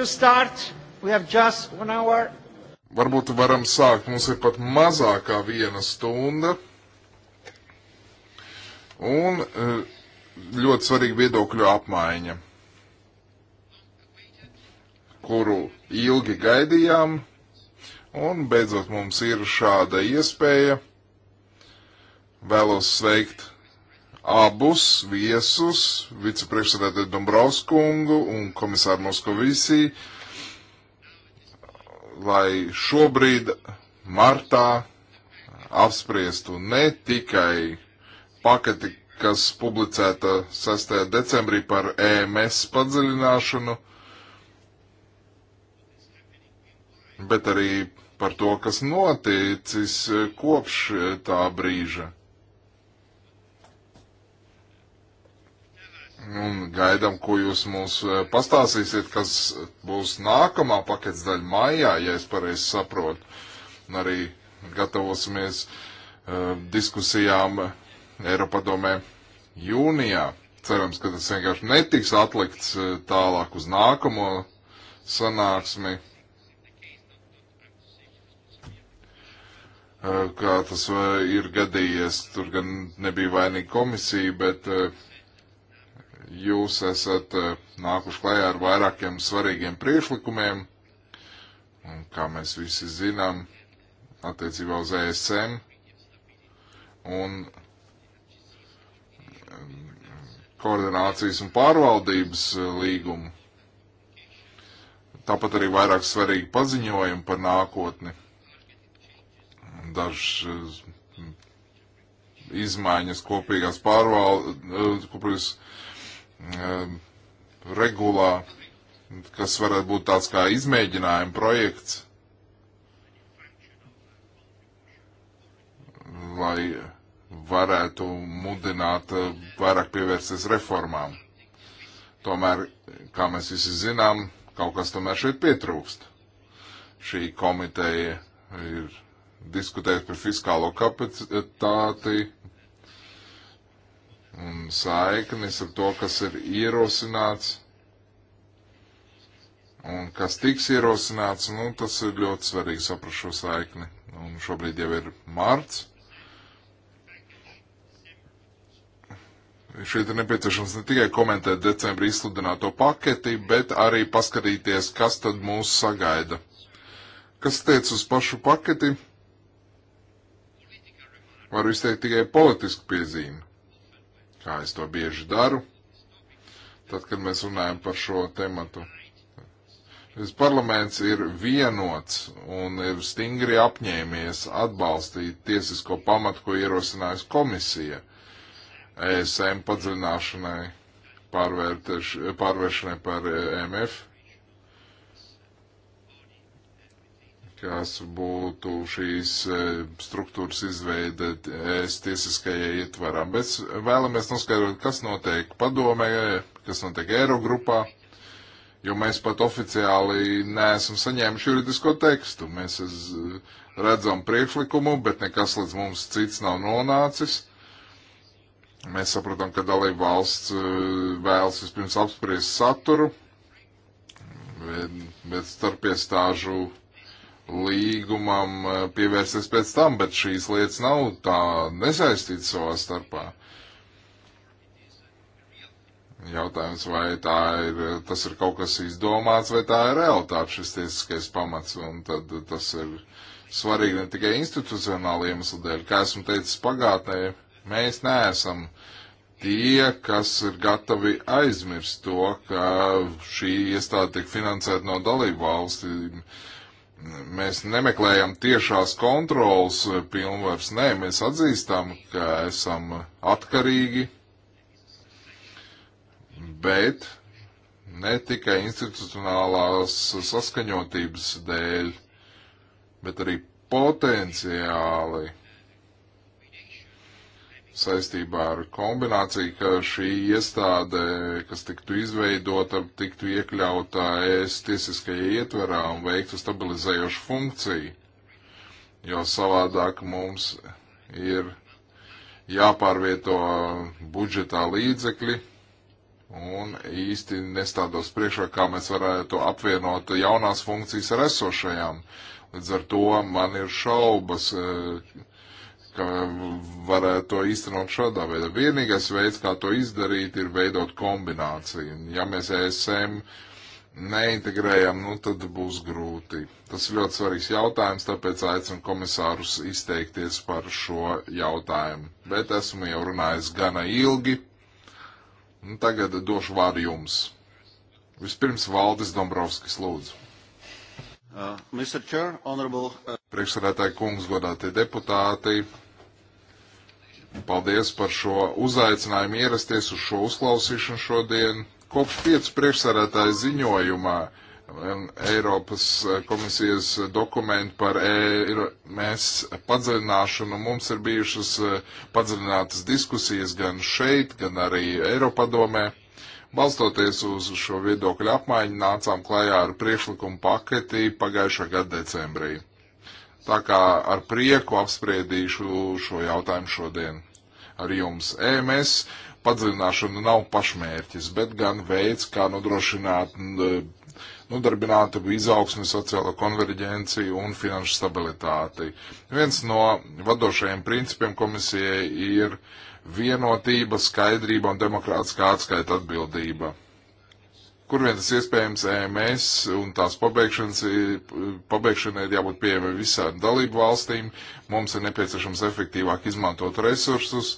to start. We have just one hour. Varbūt varam sākt. Mums ir pat mazākā viena stunda. Un eh, ļoti svarīga viedokļu apmaiņa, kuru ilgi gaidījām. Un beidzot mums ir šāda iespēja. Vēlos sveikt abus viesus, vicepriekšsēdētāju Dombrovskungu un komisāru Moskovisī, lai šobrīd martā apspriestu ne tikai paketi, kas publicēta 6. decembrī par EMS padziļināšanu, bet arī par to, kas noticis eh, kopš eh, tā brīža. Un gaidām, ko jūs mums eh, pastāstīsiet, kas būs nākamā paketes daļa maijā, ja es pareizi saprotu. Un arī gatavosimies uh, diskusijām Eiropadomē jūnijā. Cerams, ka tas vienkārši netiks atlikts uh, tālāk uz nākamo sanāksmi. Uh, kā tas ir gadījies, tur gan nebija vainīga komisija, bet uh, jūs esat eh, nākuši klajā ar vairākiem svarīgiem priešlikumiem, un, kā mēs visi zinām, attiecībā uz ESM, un eh, koordinācijas un pārvaldības eh, līgumu. Tāpat arī vairāk svarīgi paziņojumi par nākotni. Dažas izmaiņas kopīgās pārvaldes, kopīgās Ehm, regulā, kas varētu būt tāds kā izmēģinājuma projekts, lai varētu mudināt eh, vairāk pievērsties reformām. Tomēr, kā mēs visi zinām, kaut kas tomēr šeit pietrūkst. Šī komiteja ir diskutējusi par fiskālo kapacitāti un saiknis ar to, kas ir ierosināts un kas tiks ierosināts, nu, tas ir ļoti svarīgi saprast šo saikni. Un šobrīd jau ir marts. Šeit ir nepieciešams ne tikai komentēt decembrī izsludināto paketi, bet arī paskatīties, kas tad mūs sagaida. Kas tiec uz pašu paketi, varu izteikt tikai politisku piezīmi kā es to bieži daru, tad, kad mēs runājam par šo tematu. Šis parlaments ir vienots un ir stingri apņēmies atbalstīt tiesisko pamatu, ko ierosinājusi komisija ESM padziļināšanai, pārvēršanai par e MF kas būtu šīs e, struktūras izveide es tiesiskajai ietvaram. Bet vēlamies noskaidrot, kas notiek padomē, kas notiek Eirogrupā, jo mēs pat oficiāli neesam saņēmuši juridisko tekstu. Mēs redzam priekšlikumu, bet nekas līdz mums cits nav nonācis. Mēs saprotam, ka dalība valsts e, vēlas vispirms apspriest saturu, bet starp iestāžu līgumam eh, pievērsties pēc tam, bet šīs lietas nav tā nesaistītas savā starpā. Jautājums, vai tā ir, tas ir kaut kas izdomāts, vai tā ir realitāte, šis tiesiskais pamats, un tad tas ir svarīgi ne tikai institucionāli iemesli dēļ. Kā esmu teicis pagātnē, mēs neesam tie, kas ir gatavi aizmirst to, ka šī iestāde tiek finansēta no dalību valstīm. Uh, Mēs nemeklējam tiešās kontrolas pilnvars, nē, mēs atzīstam, ka esam atkarīgi, bet ne tikai institucionālās saskaņotības dēļ, bet arī potenciāli saistībā ar kombināciju, ka šī iestāde, kas tiktu izveidota, tiktu iekļautā ES tiesiskajā ietverā un veiktu stabilizējošu funkciju, jo savādāk mums ir jāpārvieto budžetā līdzekļi un īsti nestādos priekšā, kā mēs varētu apvienot jaunās funkcijas ar esošajām. Līdz ar to man ir šaubas, eh, ka varētu to īstenot šādā veidā. Vienīgais veids, kā to izdarīt, ir veidot kombināciju. Ja mēs ESM neintegrējam, nu tad būs grūti. Tas ir ļoti svarīgs jautājums, tāpēc aicinu komisārus izteikties par šo jautājumu. Bet esmu jau runājis gana ilgi. Nu, tagad došu vārdu jums. Vispirms Valdis Dombrovskis lūdzu. Uh, Mr. Chair, honorable, uh... Priekšsēdētāji kungs, godātie deputāti, paldies par šo uzaicinājumu ierasties uz šo uzklausīšanu šodien. Kopš piecu priekšsēdētāju ziņojumā Eiropas eh, komisijas dokumentu par e, mēs padziļināšanu mums ir bijušas eh, padziļinātas diskusijas gan šeit, gan arī Eiropadomē. Balstoties uz šo viedokļu apmaiņu, nācām klajā ar priekšlikumu paketī pagājušā gada decembrī. Tā kā ar prieku apspriedīšu šo jautājumu šodien ar jums. EMS padziļināšana nav pašmērķis, bet gan veids, kā nodrošināt nodarbinātu izaugsmi, sociālo konverģenciju un finanšu stabilitāti. Viens no vadošajiem principiem komisijai ir vienotība, skaidrība un demokrātiskā atskaita atbildība kur vien tas iespējams EMS un tās pabeigšanas, pabeigšanai ir jābūt pieejamai visām dalību valstīm, mums ir nepieciešams efektīvāk izmantot resursus,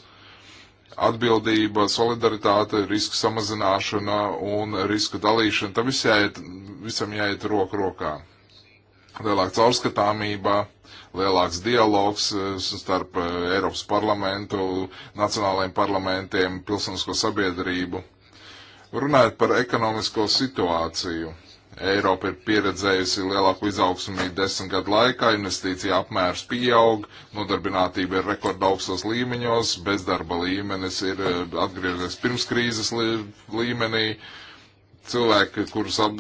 atbildība, solidaritāte, risku samazināšana un risku dalīšana, tam viss jāiet, visam jāiet roku rokā. Lielāka caurskatāmība, lielāks dialogs e, starp e, Eiropas parlamentu, nacionālajiem parlamentiem, pilsonisko sabiedrību Runājot par ekonomisko situāciju, Eiropa ir pieredzējusi lielāku izaugsmī desmit gadu laikā, investīcija apmērs pieaug, nodarbinātība ir rekordaugsos līmeņos, bezdarba līmenis ir eh, atgriezies pirms krīzes līmenī. Uh, cilvēki, kurus ap,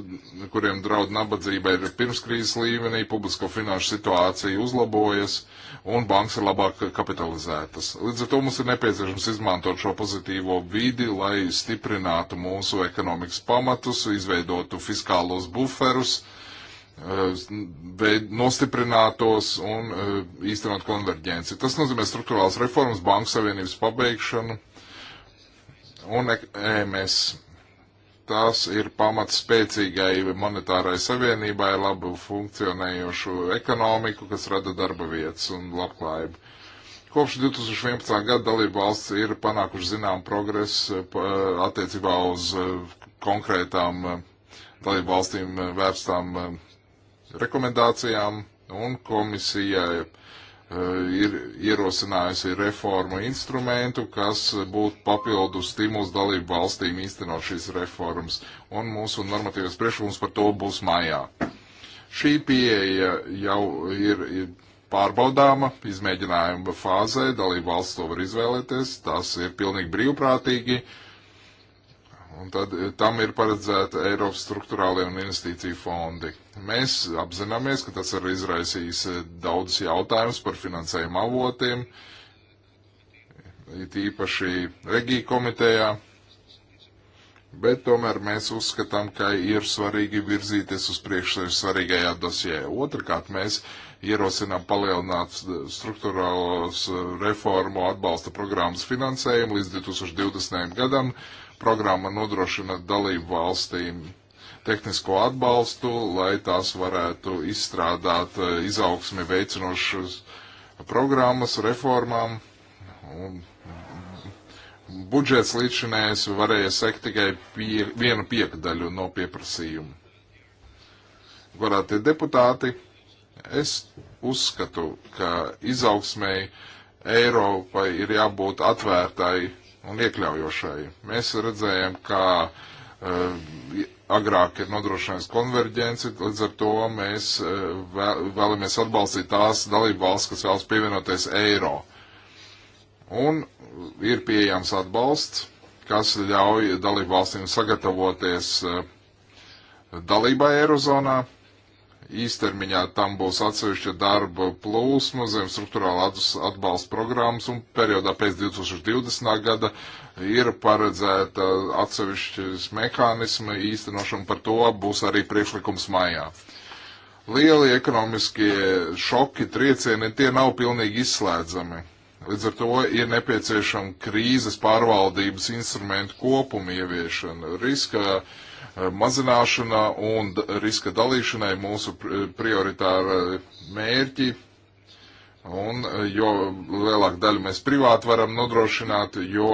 kuriem draud nabadzība, ir pirmskrīzes līmenī, publisko finanšu situācija uzlabojas un bankas ir labāk kapitalizētas. Līdz ar to mums ir nepieciešams izmantot šo pozitīvo vidi, lai stiprinātu mūsu ekonomikas pamatus, izveidotu fiskālos buferus, eh, veid, nostiprinātos un eh, īstenot konverģenci. Tas nozīmē struktūrāls reformas, bankas savienības pabeigšanu un EMS. E tas ir pamats spēcīgai monetārai savienībai, labu funkcionējošu ekonomiku, kas rada darba vietas un labklājību. Kopš 2011. gada dalību valsts ir panākuši zinām progresu attiecībā uz e, konkrētām e, dalību valstīm e, vērstām rekomendācijām, un komisija Eh, ir ierosinājusi reformu instrumentu, kas būtu papildu stimuls dalību valstīm īstenot šīs reformas, un mūsu normatīvas priekšlikums par to būs mājā. Šī pieeja jau ir, ir pārbaudāma, izmēģinājuma fāzē, dalību valsts to var izvēlēties, tas ir pilnīgi brīvprātīgi. Uh, Un tad eh, tam ir paredzēta Eiropas struktūrālie un investīciju fondi. Mēs apzināmies, ka tas arī izraisīs eh, daudzus jautājumus par finansējumu avotiem, it īpaši Regija komitejā, bet tomēr mēs uzskatām, ka ir svarīgi virzīties uz priekšu svarīgajā dosijā. Otrakārt, mēs ierosinām palielināt eh, struktūrālos reformu atbalsta programmas finansējumu līdz 2020. gadam programma nodrošina dalību valstīm tehnisko atbalstu, lai tās varētu izstrādāt eh, izaugsmi veicinošas programmas, reformām. Un budžets līdzinējais varēja sekt tikai pie, vienu piekdaļu no pieprasījuma. Varētu deputāti, es uzskatu, ka izaugsmēji Eiropai ir jābūt atvērtai un iekļaujošai. Mēs redzējām, kā uh, agrāk ir nodrošinājusi konverģenci, līdz ar to mēs eh, vēl, vēlamies atbalstīt tās dalību valsts, kas vēlas pievienoties eiro. Un ir pieejams atbalsts, kas ļauj dalību valstīm sagatavoties eh, dalībai eirozonā īstermiņā tam būs atsevišķa darba plūsma zem struktūrāla atbalsta programmas un periodā pēc 2020. gada ir paredzēta atsevišķas mehānisma īstenošana par to būs arī priekšlikums maijā. Lieli ekonomiskie šoki, triecieni, tie nav pilnīgi izslēdzami. Līdz ar to ir nepieciešama krīzes pārvaldības instrumentu kopuma ieviešana, riska uh, Eh, mazināšanā un riska dalīšanai mūsu prioritāra mērķi. Un eh, jo lielāku daļu mēs privāti varam nodrošināt, jo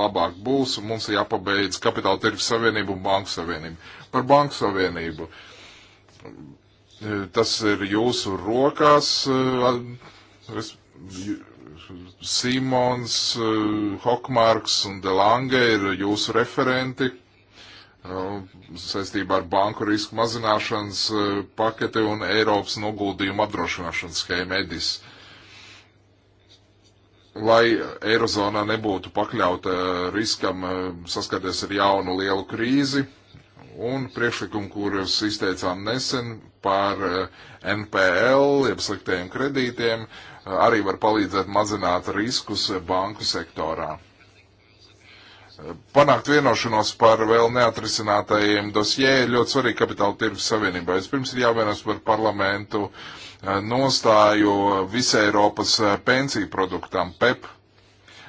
labāk būs, un mums ir jāpabeidz kapitāla tirgus savienību un banku savienību. Par banku savienību. Eh, tas ir jūsu rokās. Simons, Hokmārks un Delange ir jūsu referenti. Nu, saistībā ar banku risku mazināšanas eh, paketi un Eiropas noguldījumu apdrošināšanas schēmu EDIS. Lai Eirozonā nebūtu pakļauta eh, riskam eh, saskaties ar jaunu lielu krīzi un priekšlikumu, kurus izteicām nesen par NPL, jeb sliktiem kredītiem, arī var palīdzēt mazināt riskus banku sektorā panākt vienošanos par vēl neatrisinātajiem dosjē ir ļoti svarīgi kapitāla tirgus savienībā. Vispirms ir jāvienos par parlamentu eh, nostāju visai Eiropas eh, pensiju produktam PEP.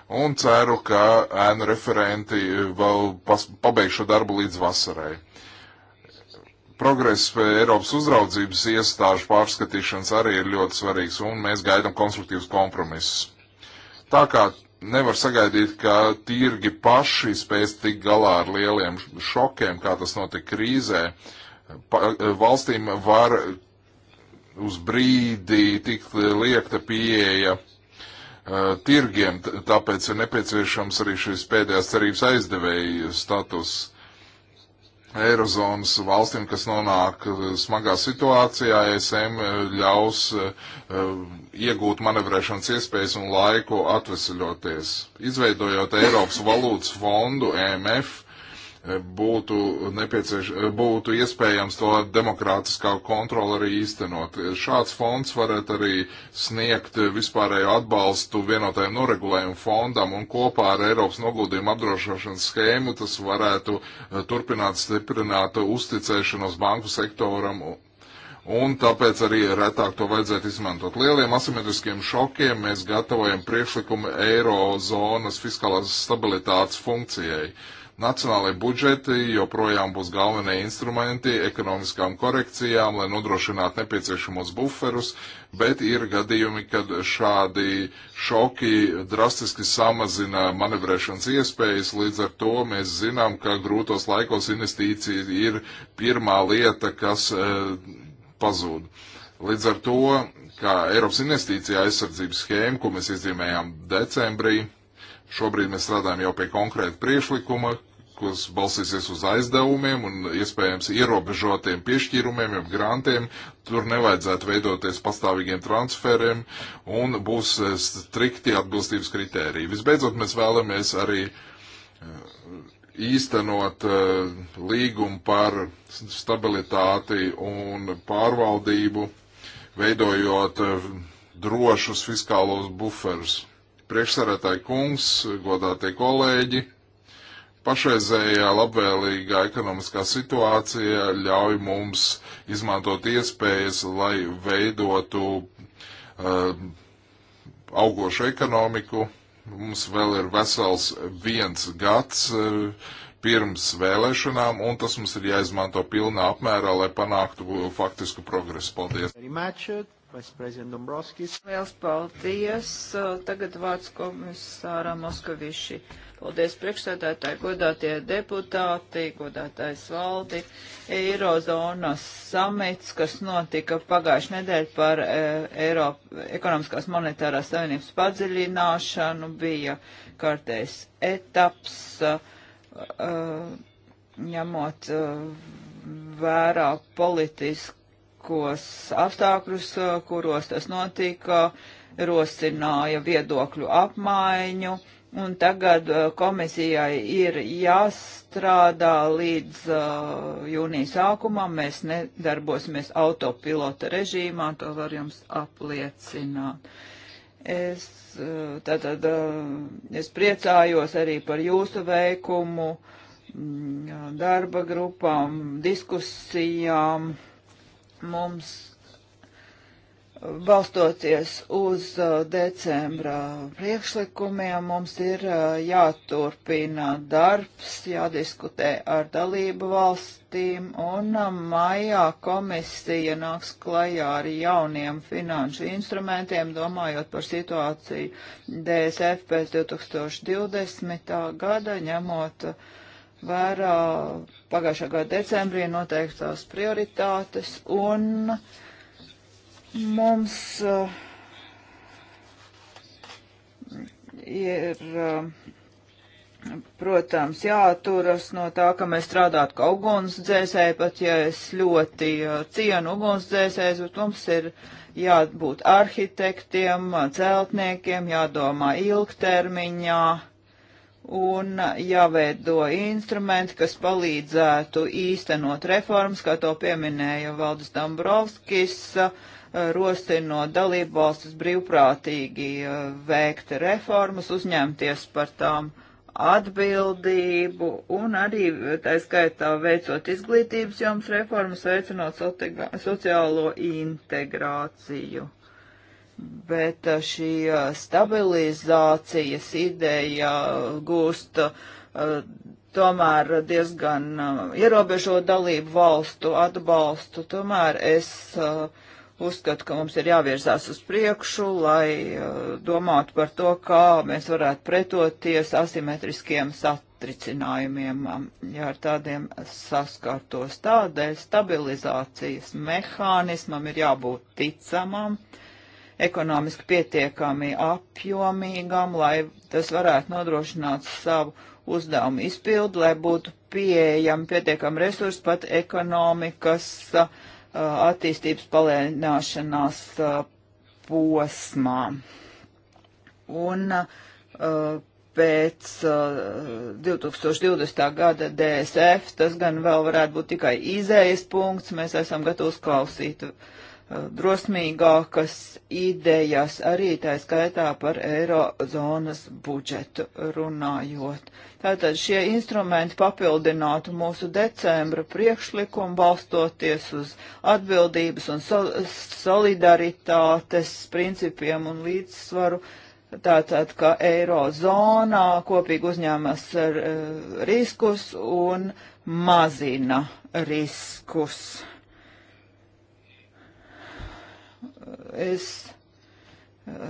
E un ceru, ka ēnu referenti eh, vēl pas, pabeigšu darbu līdz vasarai. Progress Eiropas uzraudzības iestāžu pārskatīšanas arī ir ļoti svarīgs, un mēs gaidām konstruktīvus kompromisus. Tā kā nevar sagaidīt, ka tirgi paši spēs tikt galā ar lieliem šokiem, kā tas notika krīzē. Pa, valstīm var uz brīdi tikt liekta pieeja uh, tirgiem, tāpēc ir nepieciešams arī šis pēdējās cerības aizdevēju status. Eirozonas valstīm, kas nonāk eh, smagā situācijā, ESM eh, ļaus eh, iegūt manevrēšanas iespējas un laiku atvesaļoties. Izveidojot Eiropas valūtas fondu EMF, būtu, nepiecieš, būtu iespējams to demokrātiskā kontrola arī īstenot. Šāds fonds varētu arī sniegt vispārējo atbalstu vienotajam noregulējumu fondam un kopā ar Eiropas noguldījumu apdrošināšanas schēmu tas varētu eh, turpināt stiprināt uzticēšanos banku sektoram un tāpēc arī retāk to vajadzētu izmantot. Lieliem asimetriskiem šokiem mēs gatavojam priekšlikumu eirozonas fiskālās stabilitātes funkcijai. Uh, Nacionālajie budžeti joprojām būs galvenie instrumenti ekonomiskām korekcijām, lai nodrošinātu nepieciešamos buferus, bet ir gadījumi, kad šādi šoki drastiski samazina manevrēšanas iespējas. Līdz ar to mēs zinām, ka grūtos laikos investīcija ir pirmā lieta, kas e, pazūd. Līdz ar to, kā Eiropas investīcija aizsardzības schēma, ko mēs iezīmējām decembrī, Šobrīd mēs strādājam jau pie konkrēta priešlikuma, kas balsīsies uz aizdevumiem un iespējams ierobežotiem piešķīrumiem, jeb grantiem. Tur nevajadzētu veidoties pastāvīgiem transferiem un būs eh, strikti atbilstības kritēriji. Visbeidzot, mēs vēlamies arī eh, īstenot eh, līgumu par stabilitāti un pārvaldību, veidojot drošus fiskālos buferus. Priekšsarētāji kungs, godātie kolēģi! Pašreizējā labvēlīgā ekonomiskā situācija ļauj mums izmantot iespējas, lai veidotu uh, augošu ekonomiku. Mums vēl ir vesels viens gads uh, pirms vēlēšanām, un tas mums ir jāizmanto pilnā apmērā, lai panāktu faktisku progresu. Paldies! Liels paldies. Tagad vārds komisārā Moskaviši. Paldies priekšsēdētāji, godātie deputāti, godātais valdi. Eirozonas samits, kas notika pagājušajā nedēļā par e, Eiropa, ekonomiskās monetārās savienības padziļināšanu, bija kārtējs etaps, e, e ņemot e, vērā politisku politiskos apstākļus, kuros tas notika, rosināja viedokļu apmaiņu, un tagad komisijai ir jāstrādā līdz uh, jūnija sākumam. Mēs nedarbosimies autopilota režīmā, to var jums apliecināt. Es, tātad, es priecājos arī par jūsu veikumu darba grupām, diskusijām, mums balstoties uz uh, decembra priekšlikumiem, mums ir uh, jāturpina darbs, jādiskutē ar dalību valstīm, un uh, maijā komisija nāks klajā ar jauniem finanšu instrumentiem, domājot par situāciju DSF pēc 2020. gada, ņemot uh, vērā pagājušā gada decembrī noteiktās prioritātes un mums uh, ir, uh, protams, jāturas no tā, ka mēs strādātu kā ugunsdzēsēji, pat ja es ļoti uh, cienu ugunsdzēsējus, bet mums ir jābūt arhitektiem, celtniekiem, jādomā ilgtermiņā un jāveido instrumenti, kas palīdzētu īstenot reformas, kā to pieminēja Valdis Dombrovskis, rosinot dalību valstis brīvprātīgi eh, veikt reformas, uzņemties par tām atbildību un arī tā skaitā veicot izglītības joms reformas, veicinot sociālo integrāciju bet uh, šī uh, stabilizācijas ideja gūst uh, tomēr diezgan ierobežo dalību valstu atbalstu. Tomēr es uzskatu, ka mums ir jāvirzās uz priekšu, lai domātu par to, kā mēs varētu pretoties asimetriskiem satricinājumiem, um, ja ar tādiem saskārtos. Tādēļ stabilizācijas mehānismam ir jābūt ticamam. Uh, ekonomiski pietiekami apjomīgam, lai tas varētu nodrošināt savu uzdevumu izpildu, lai būtu pieejami pietiekami resursi pat ekonomikas uh, attīstības palēnināšanās uh, posmā. Un uh, pēc uh, 2020. gada DSF, tas gan vēl varētu būt tikai izējas punkts, mēs esam gatavi uzklausīt drosmīgākas idejas, arī tā skaitā par eirozonas budžetu runājot. Tātad šie instrumenti papildinātu mūsu decembra priekšlikumu balstoties uz atbildības un sol solidaritātes principiem un līdzsvaru. Tātad, ka eirozonā kopīgi uzņēmas riskus un mazina riskus. es eh,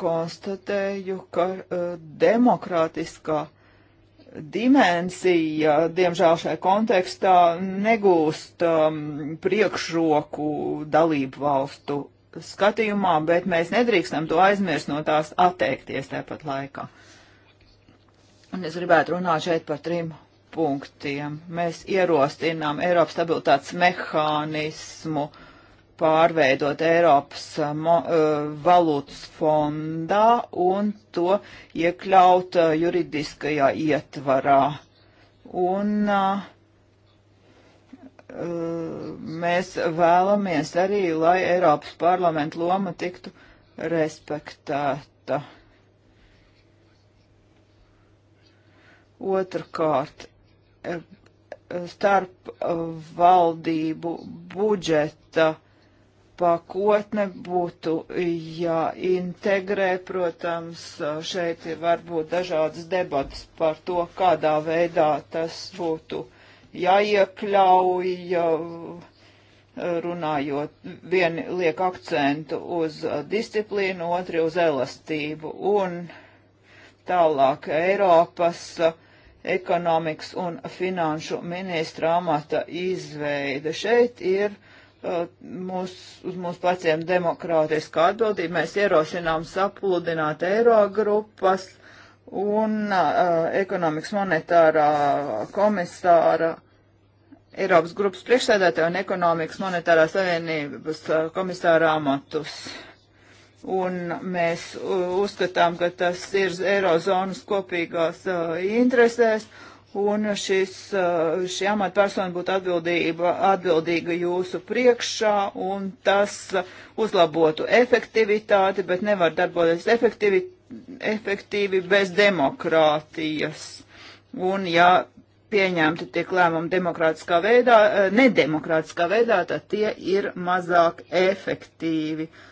konstatēju, ka eh, demokrātiskā dimensija, diemžēl šai kontekstā, negūst um, priekšroku dalību valstu skatījumā, bet mēs nedrīkstam to aizmirst no tās atteikties tāpat laikā. Un es gribētu runāt šeit par trim punktiem. Mēs ierostinām Eiropas stabilitātes mehānismu uh, pārveidot Eiropas uh, mo, uh, valūtas fondā un to iekļaut uh, juridiskajā ietvarā. Un uh, mēs vēlamies arī, lai Eiropas parlamenta loma tiktu respektēta. Otrakārt, eh, starp valdību budžeta uh, pakotne būtu jāintegrē. Protams, šeit ir varbūt dažādas debatas par to, kādā veidā tas būtu jāiekļauj, runājot, vieni liek akcentu uz disciplīnu, otri uz elastību un tālāk Eiropas ekonomikas un finanšu ministra amata izveida. Šeit ir uh, mūs, uz mūsu pleciem demokrātiska atbildība. Mēs ierosinām sapludināt eiro grupas un uh, ekonomikas monetārā komisāra. Eiropas grupas priekšsēdētāja un ekonomikas monetārā savienības uh, komisāra amatus. Un mēs uh, uzskatām, ka tas ir Eirozonas kopīgās uh, interesēs. Uh, un šis, uh, šī amatpersona būtu atbildība, atbildīga jūsu priekšā, un tas uzlabotu efektivitāti, bet nevar darboties efektīvi, efektīvi bez demokrātijas. Un ja pieņemti tiek lēmumi demokrātiskā veidā, uh, nedemokrātiskā veidā, tad tie ir mazāk efektīvi. Uh,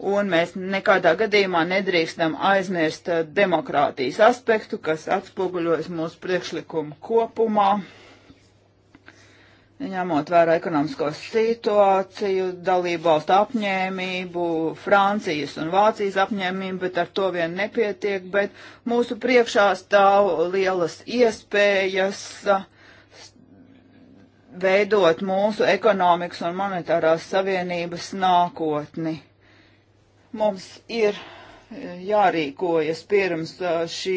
un mēs nekādā gadījumā nedrīkstam aizmirst eh, demokrātijas aspektu, kas atspoguļojas mūsu priekšlikumu kopumā, ņemot vērā ekonomisko situāciju, dalību valstu apņēmību, Francijas un Vācijas apņēmību, bet ar to vien nepietiek, bet mūsu priekšā stāv lielas iespējas eh, veidot mūsu ekonomikas un monetārās savienības nākotni Mums ir e, jārīkojas pirms e, šī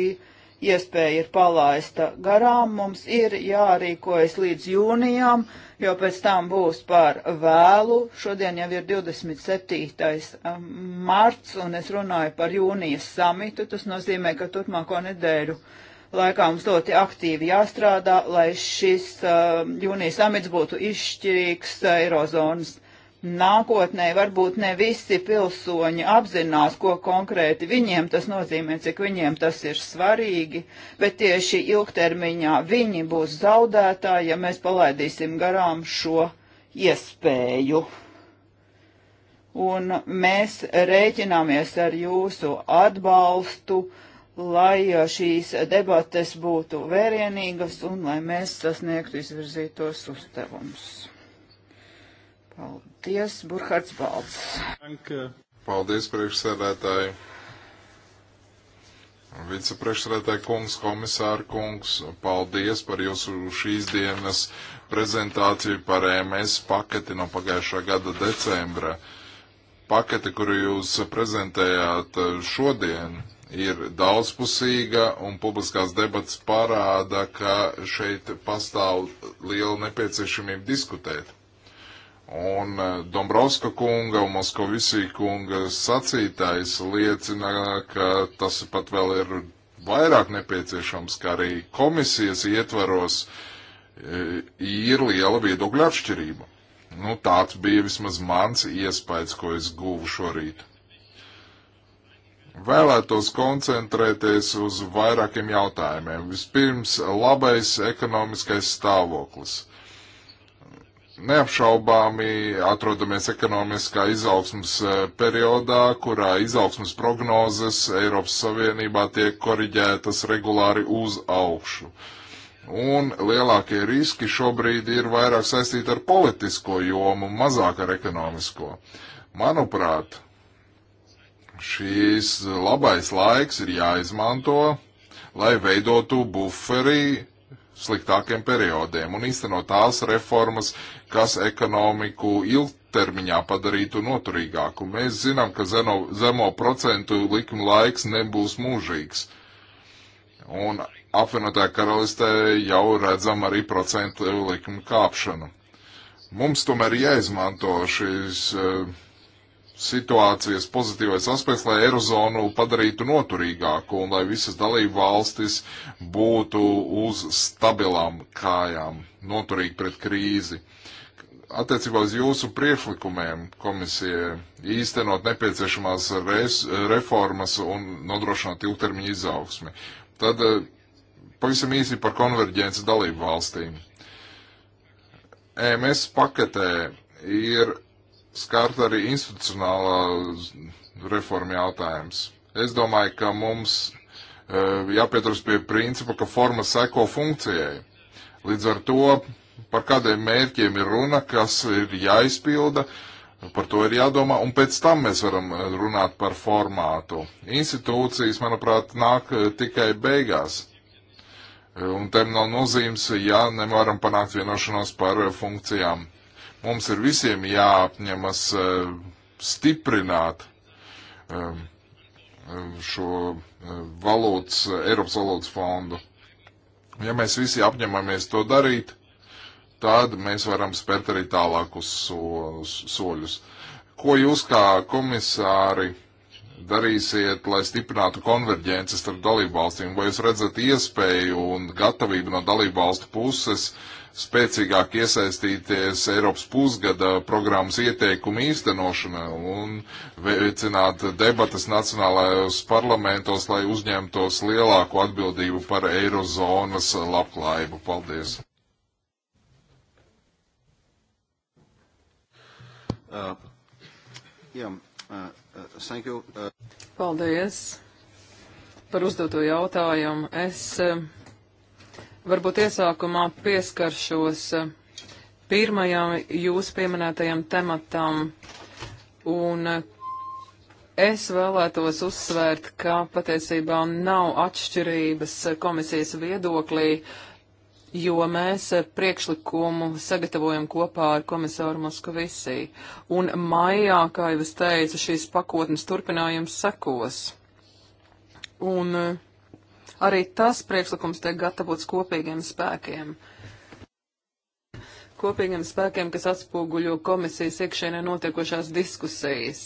iespēja ir palaista garām. Mums ir jārīkojas līdz jūnijam, jo pēc tam būs par vēlu. Šodien jau ir 27. E, marts, un es runāju par jūnijas samitu. Tas nozīmē, ka turpmāko nedēļu laikā mums ļoti aktīvi jāstrādā, lai šis uh, jūnijas samits būtu izšķirīgs Eirozonas. Uh, nākotnē varbūt ne visi pilsoņi apzinās, ko konkrēti viņiem tas nozīmē, cik viņiem tas ir svarīgi, bet tieši ilgtermiņā viņi būs zaudētāji, ja mēs palaidīsim garām šo iespēju. Un mēs rēķināmies ar jūsu atbalstu, lai šīs debates būtu vērienīgas un lai mēs sasniegtu izvirzītos uzdevumus. Paldies! Paldies, Burkhards Balts. Paldies, priekšsēdētāji. Vicepriekšsēdētāji kungs, komisāra kungs, paldies par jūsu šīs dienas prezentāciju par EMS paketi no pagājušā gada decembra. Pakete, kuru jūs prezentējāt šodien, ir daudzpusīga un publiskās debats parāda, ka šeit pastāv liela nepieciešamība diskutēt. Un eh, Dombrovska kunga un Moskovisī kunga sacītais liecina, ka tas pat vēl ir vairāk nepieciešams, ka arī komisijas ietvaros eh, ir liela viedokļa atšķirība. Nu, tāds bija vismaz mans iespējas, ko es guvu šorīt. Vēlētos koncentrēties uz vairākiem jautājumiem. Vispirms, labais ekonomiskais stāvoklis. Neapšaubāmi atrodamies ekonomiskā izaugsmas e, periodā, kurā izaugsmas prognozes Eiropas Savienībā tiek koriģētas regulāri uz augšu. Un lielākie riski šobrīd ir vairāk saistīti ar politisko jomu, mazāk ar ekonomisko. Manuprāt, šīs labais laiks ir jāizmanto, lai veidotu buferi sliktākiem periodiem un īstenot tās reformas, kas ekonomiku ilgtermiņā padarītu noturīgāku. Mēs zinām, ka zeno, zemo procentu likuma laiks nebūs mūžīgs. Un apvienotā karalistē jau redzam arī procentu likuma kāpšanu. Mums tomēr jāizmanto šīs uh, eh, situācijas pozitīvais aspekts, lai Eirozonu padarītu noturīgāku un lai visas dalību valstis būtu uz stabilām kājām, noturīgi pret krīzi. Attiecībā uz jūsu priekšlikumiem komisija īstenot nepieciešamās res, reformas un nodrošināt ilgtermiņa izaugsmi. Tad eh, pavisam īsi par konverģenci dalību valstīm. EMS paketē ir skārt arī institucionālā reforma jautājums. Es domāju, ka mums e, jāpieturas pie principa, ka forma seko funkcijai. Līdz ar to, par kādiem mērķiem ir runa, kas ir jāizpilda, par to ir jādomā, un pēc tam mēs varam e, runāt par formātu. Institūcijas, manuprāt, nāk e, tikai beigās. Un tam nav nozīmes, ja nevaram panākt vienošanos par funkcijām. Mums ir visiem jāapņemas eh, stiprināt eh, šo eh, valūtas, Eiropas valūtas fondu. Ja mēs visi apņemamies to darīt, tad mēs varam spērt arī tālākus so, soļus. Ko jūs kā komisāri darīsiet, lai stiprinātu konverģences starp dalībvalstīm? Vai jūs redzat iespēju un gatavību no dalībvalstu puses uh, spēcīgāk iesaistīties Eiropas pusgada programmas ieteikumu īstenošanā un veicināt debatas nacionālajos parlamentos, lai uzņemtos lielāku atbildību par Eirozonas labklājību. Paldies! Uh, yeah, uh, uh, you, uh. Paldies par uzdoto jautājumu. Es um, Varbūt iesākumā pieskaršos eh, pirmajam jūsu pieminētajam tematam, un eh, es vēlētos uzsvērt, ka patiesībā nav atšķirības eh, komisijas viedoklī, jo mēs priekšlikumu sagatavojam kopā ar komisāru Moskavisī. Un maijā, kā jau es teicu, šīs pakotnes turpinājums sekos. Un uh, Arī tas priekšlikums tiek gatavots kopīgiem spēkiem. Kopīgiem spēkiem, kas atspoguļo komisijas iekšēnē notiekošās diskusijas.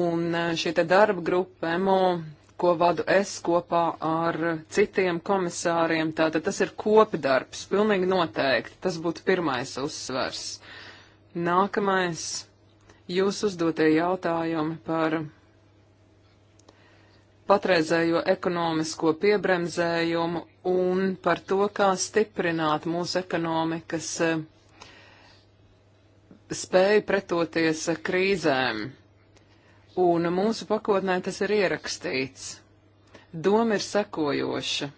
Un e, šī te darba grupa MO, ko vadu es kopā ar citiem komisāriem, tātad tas ir kopdarbs, pilnīgi noteikti. Tas būtu pirmais uzsvers. Nākamais, jūs uzdotie jautājumi par patreizējo ekonomisko piebremzējumu un par to, kā stiprināt mūsu ekonomikas eh, spēju pretoties eh, krīzēm. Un mūsu pakotnē tas ir ierakstīts. Doma ir sekojoša.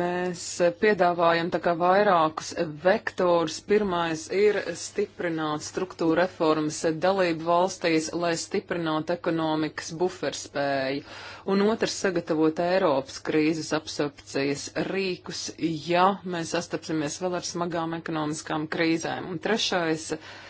Mēs piedāvājam tā kā vairākus vektorus. Pirmais ir stiprināt struktūra reformas dalību valstīs, lai stiprinātu ekonomikas buferspēju. Un otrs sagatavot Eiropas krīzes absorpcijas rīkus, ja mēs sastapsimies vēl ar smagām ekonomiskām krīzēm. Un trešais. Uh,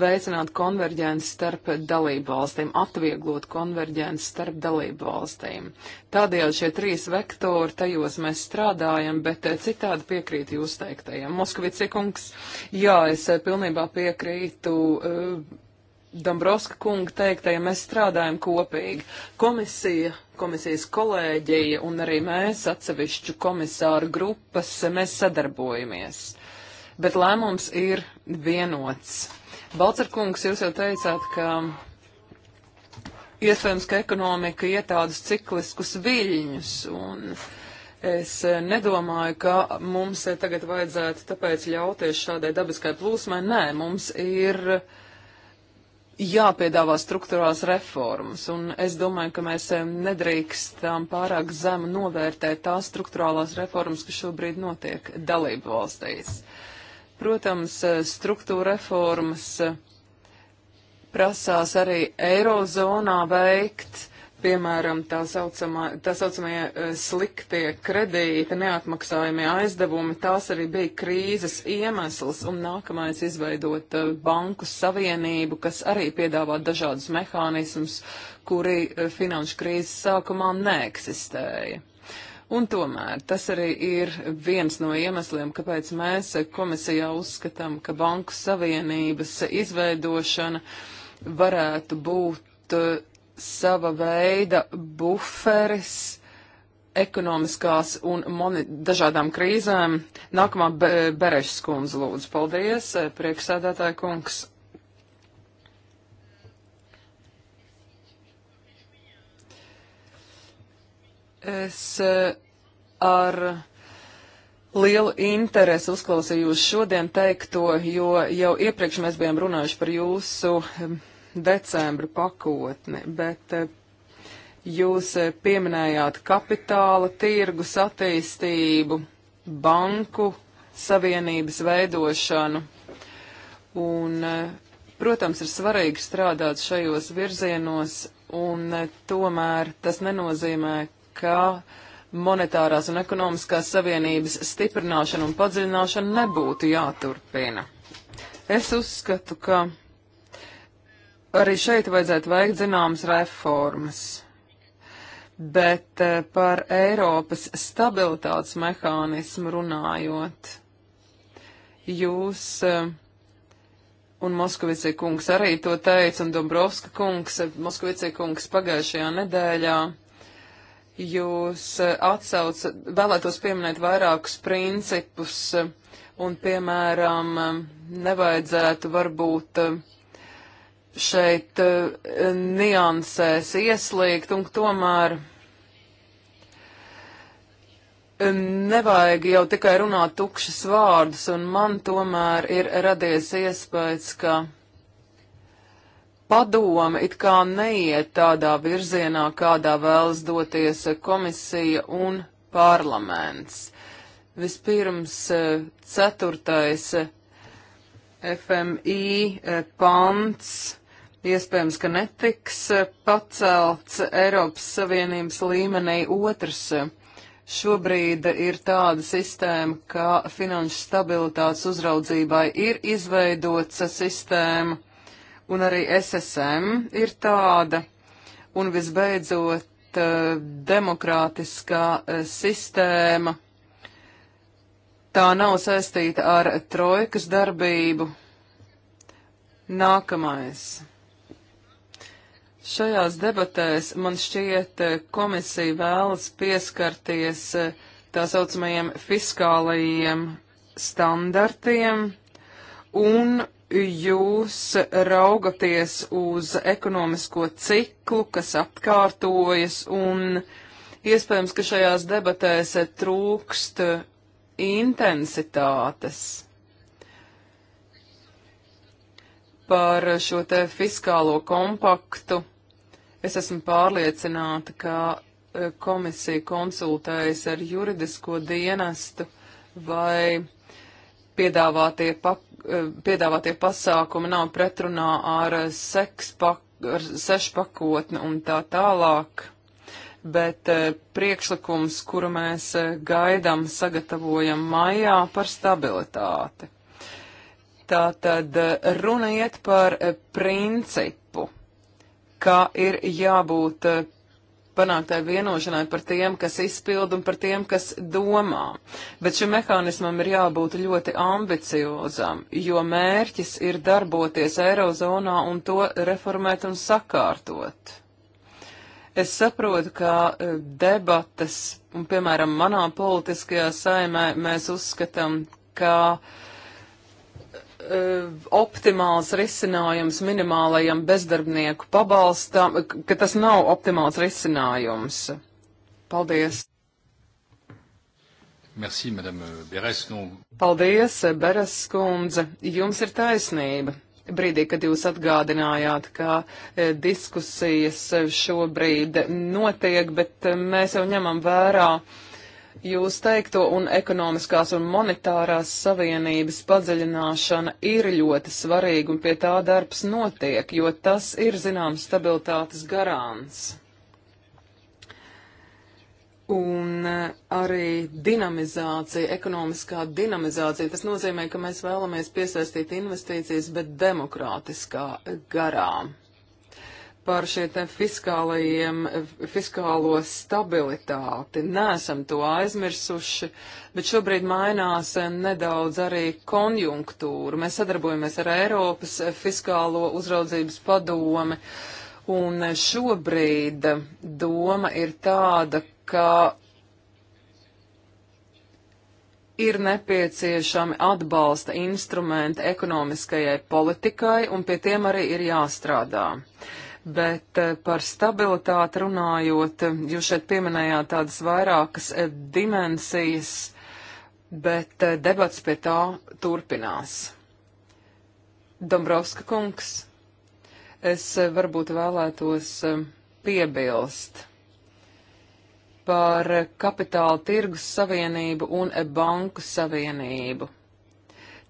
veicināt konverģenci starp dalību valstīm, atvieglot konverģenci starp dalību valstīm. Tādējādi šie trīs vektori, tajos mēs strādājam, bet eh, citādi piekrītu jūs teiktajam. Moskvicikungs, jā, es eh, pilnībā piekrītu. Uh, Dombrovska kunga teiktajam, mēs strādājam kopīgi. Komisija, komisijas kolēģija un arī mēs atsevišķu komisāru grupas, mēs sadarbojamies. Bet lēmums ir vienots. Balcerkungs, jūs jau teicāt, ka iespējams, ka ekonomika iet tādus cikliskus viļņus, un es nedomāju, ka mums tagad vajadzētu tāpēc ļauties šādai dabiskai plūsmai. Nē, mums ir jāpiedāvā struktūrās reformas, un es domāju, ka mēs nedrīkstam pārāk zemu novērtēt tās struktūrālās reformas, kas šobrīd notiek dalību valstīs. Uh, Protams, eh, struktūra reformas eh, prasās arī eirozonā veikt, piemēram, tā, saucamā, tā saucamie eh, sliktie kredīti, neatmaksājumie aizdevumi, tās arī bija krīzes iemesls, un nākamais izveidot banku savienību, kas arī piedāvā dažādus mehānismus, kuri finanšu krīzes sākumā neeksistēja. Un tomēr tas arī ir viens no iemesliem, kāpēc mēs komisijā uzskatām, ka Banku Savienības izveidošana varētu būt uh, sava veida buferis ekonomiskās un moni, dažādām krīzēm. Nākamā be, Berešas kundze lūdzu. Paldies, priekšsēdētāja kungs. Es eh, ar lielu interesi uzklausīju jūs šodien teikto, jo jau iepriekš mēs bijām runājuši par jūsu eh, decembra pakotni, bet eh, jūs pieminējāt kapitāla tirgus attīstību, banku savienības veidošanu. Un, protams, ir svarīgi strādāt šajos virzienos, un tomēr tas nenozīmē, ka monetārās un ekonomiskās savienības stiprināšana un padziļināšana nebūtu jāturpina. Es uzskatu, ka arī šeit vajadzētu veikt zināmas reformas. Bet eh, par Eiropas stabilitātes mehānismu runājot, jūs eh, un Moskvici kungs arī to teica, un Dombrovska kungs, eh, Moskvici kungs pagājušajā nedēļā jūs eh, atsaucat, vēlētos pieminēt vairākus principus, eh, un, piemēram, eh, nevajadzētu varbūt šeit niansēs ieslīgt, un tomēr nevajag jau tikai runāt tukšas vārdus, un man tomēr ir radies iespējas, ka padome it kā neiet tādā virzienā, kādā vēlas doties komisija un parlaments. Vispirms eh, ceturtais eh, FMI eh, pants iespējams, ka netiks pacelts Eiropas Savienības līmenī otrs. Šobrīd ir tāda sistēma, ka finanšu stabilitātes uzraudzībai ir izveidots sistēma un arī SSM ir tāda, un visbeidzot eh, demokrātiskā eh, sistēma. Tā nav saistīta ar trojkas darbību. Nākamais. Šajās debatēs man šķiet eh, komisija vēlas pieskarties tā saucamajiem fiskālajiem standartiem un jūs raugaties uz ekonomisko ciklu, kas atkārtojas, un iespējams, ka šajās debatēs trūkst intensitātes par šo te fiskālo kompaktu. Es esmu pārliecināta, ka eh, komisija konsultējas ar juridisko dienestu vai piedāvātie papildinājumi E, piedāvātie pasākumi nav pretrunā ar, pak, ar sešpakotni un tā tālāk, bet e, priekšlikums, kuru mēs e, gaidām, sagatavojam maijā par stabilitāti. Tā tad runa iet par principu, ka ir jābūt panāktai vienošanai par tiem, kas izpild un par tiem, kas domā. Bet šim mehānismam ir jābūt ļoti ambiciozam, jo mērķis ir darboties Eirozonā un to reformēt un sakārtot. Es saprotu, ka e, debatas, un piemēram manā politiskajā saimē mēs uzskatām, ka uh, Eh, optimāls risinājums minimālajam bezdarbnieku pabalstam, ka tas nav optimāls risinājums. Paldies! Merci, madame Beres. Nu... Paldies, Beres skundze. Jums ir taisnība. Brīdī, kad jūs atgādinājāt, ka e, diskusijas eh, šobrīd notiek, bet mēs jau ņemam vērā. E, jūs teikto un ekonomiskās un monetārās savienības padziļināšana ir ļoti svarīga un pie tā darbs notiek, jo tas ir zināms stabilitātes garants. Un eh, arī dinamizācija, ekonomiskā dinamizācija, tas nozīmē, ka mēs vēlamies piesaistīt investīcijas, bet demokrātiskā garām par šie te fiskālajiem, fiskālo stabilitāti. Nesam to aizmirsuši, bet šobrīd mainās nedaudz arī konjunktūra. Mēs sadarbojamies ar Eiropas fiskālo uzraudzības padomi, un šobrīd doma ir tāda, ka ir nepieciešami atbalsta instrumenti ekonomiskajai politikai, un pie tiem arī ir jāstrādā. Uh, bet eh, par stabilitāti runājot, jūs šeit pieminējāt tādas vairākas eh, dimensijas, bet eh, debats pie tā turpinās. Dombrovska kungs, es varbūt vēlētos piebilst par kapitāla tirgus savienību un banku savienību.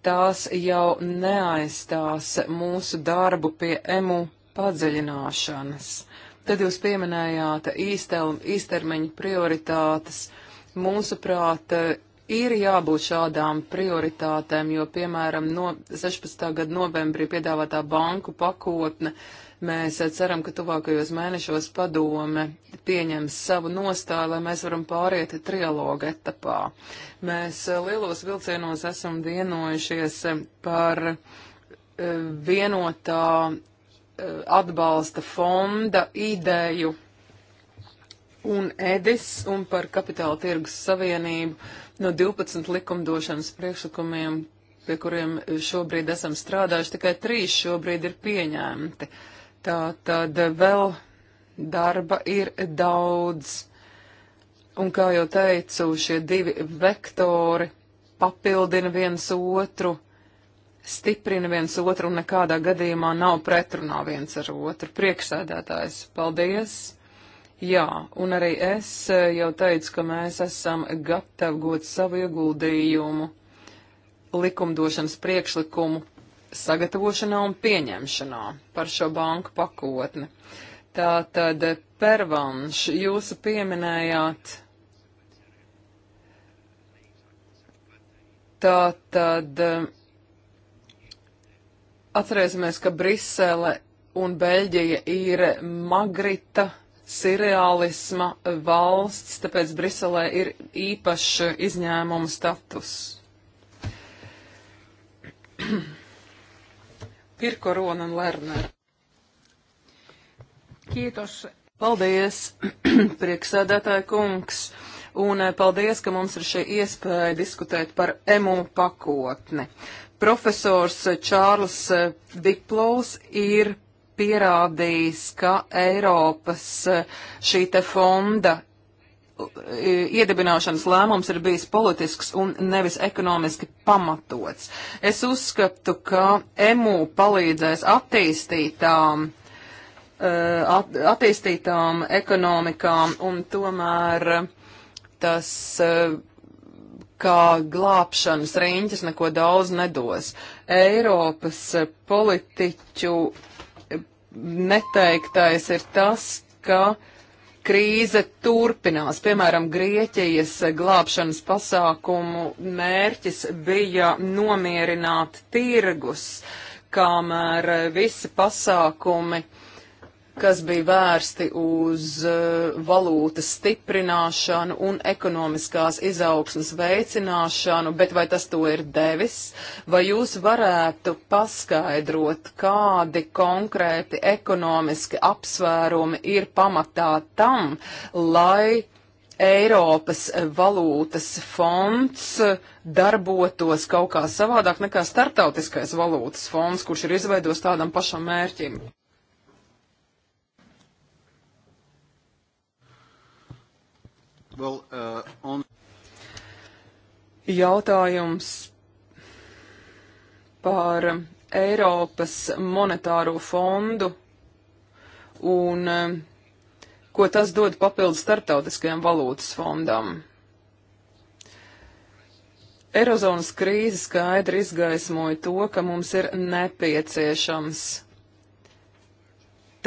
Tās jau neaizstās mūsu darbu pie emu padziļināšanas. Tad jūs pieminējāt īstel, īstermiņa prioritātes. Mūsuprāt, ir jābūt šādām prioritātēm, jo, piemēram, no 16. gada novembrī piedāvātā banku pakotne, mēs ceram, ka tuvākajos mēnešos padome pieņems savu nostāju, lai mēs varam pāriet trialoga etapā. Mēs lielos vilcienos esam vienojušies par eh, vienotā atbalsta fonda ideju un EDIS un par kapitāla tirgus savienību no 12 likumdošanas priekšlikumiem, pie kuriem šobrīd esam strādājuši, tikai trīs šobrīd ir pieņemti. Tā tad vēl darba ir daudz. Un kā jau teicu, šie divi vektori papildina viens otru, stiprina viens otru un nekādā gadījumā nav pretrunā viens ar otru. Priekšsēdētājs, paldies! Jā, un arī es eh, jau teicu, ka mēs esam gatavi gūt savu ieguldījumu likumdošanas priekšlikumu sagatavošanā un pieņemšanā par šo banku pakotni. Tātad, pervanš, jūsu pieminējāt tātad. Atcerēsimies, ka Brisele un Beļģija ir Magrita sirreālisma valsts, tāpēc Briselē ir īpašs izņēmuma status. Pirko Ronan Lerner. Kītos. Paldies, prieksēdētāja kungs, un eh, paldies, ka mums ir šī iespēja diskutēt par emu pakotni. Uh, Profesors Čārls eh, Diplovs ir pierādījis, ka Eiropas eh, šī te fonda eh, iedibināšanas lēmums ir bijis politisks un nevis ekonomiski pamatots. Es uzskatu, ka EMU palīdzēs attīstītām, at, attīstītām ekonomikām un tomēr tas ka glābšanas riņķis neko daudz nedos. Eiropas politiķu neteiktais ir tas, ka krīze turpinās. Piemēram, Grieķijas glābšanas pasākumu mērķis bija nomierināt tirgus, kamēr visi pasākumi uh, kas bija vērsti uz eh, valūtas stiprināšanu un ekonomiskās izaugsmas veicināšanu, bet vai tas to ir devis? Vai jūs varētu paskaidrot, kādi konkrēti ekonomiski apsvērumi ir pamatā tam, lai Eiropas valūtas fonds darbotos kaut kā savādāk nekā startautiskais valūtas fonds, kurš ir izveidos tādam pašam mērķim. Well, uh, on... Jautājums par Eiropas monetāro fondu un uh, ko tas dod papildus starptautiskajam valūtas fondam. Eirozonas krīze skaidri izgaismoja to, ka mums ir nepieciešams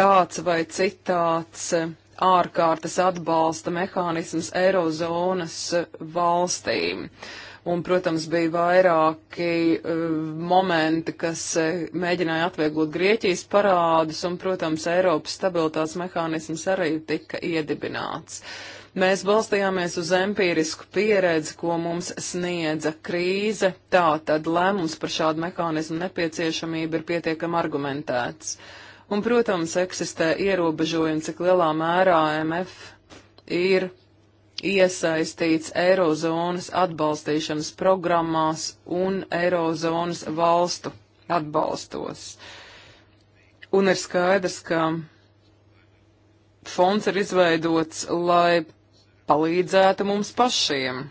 tāds vai citāds ārkārtas atbalsta mehānisms Eirozonas eh, valstīm. Un, protams, bija vairāki uh, momenti, kas uh, mēģināja atvieglot Grieķijas parādus, un, protams, Eiropas stabilitātes mehānisms arī tika iedibināts. Mēs balstījāmies uz empirisku pieredzi, ko mums sniedza krīze, tā tad lēmums par šādu mehānismu nepieciešamību ir pietiekami argumentēts. Uh, Un, protams, eksistē ierobežojumi, cik lielā mērā MF ir iesaistīts Eirozonas atbalstīšanas programmās un Eirozonas valstu atbalstos. Un ir skaidrs, ka fonds ir izveidots, lai palīdzētu mums pašiem.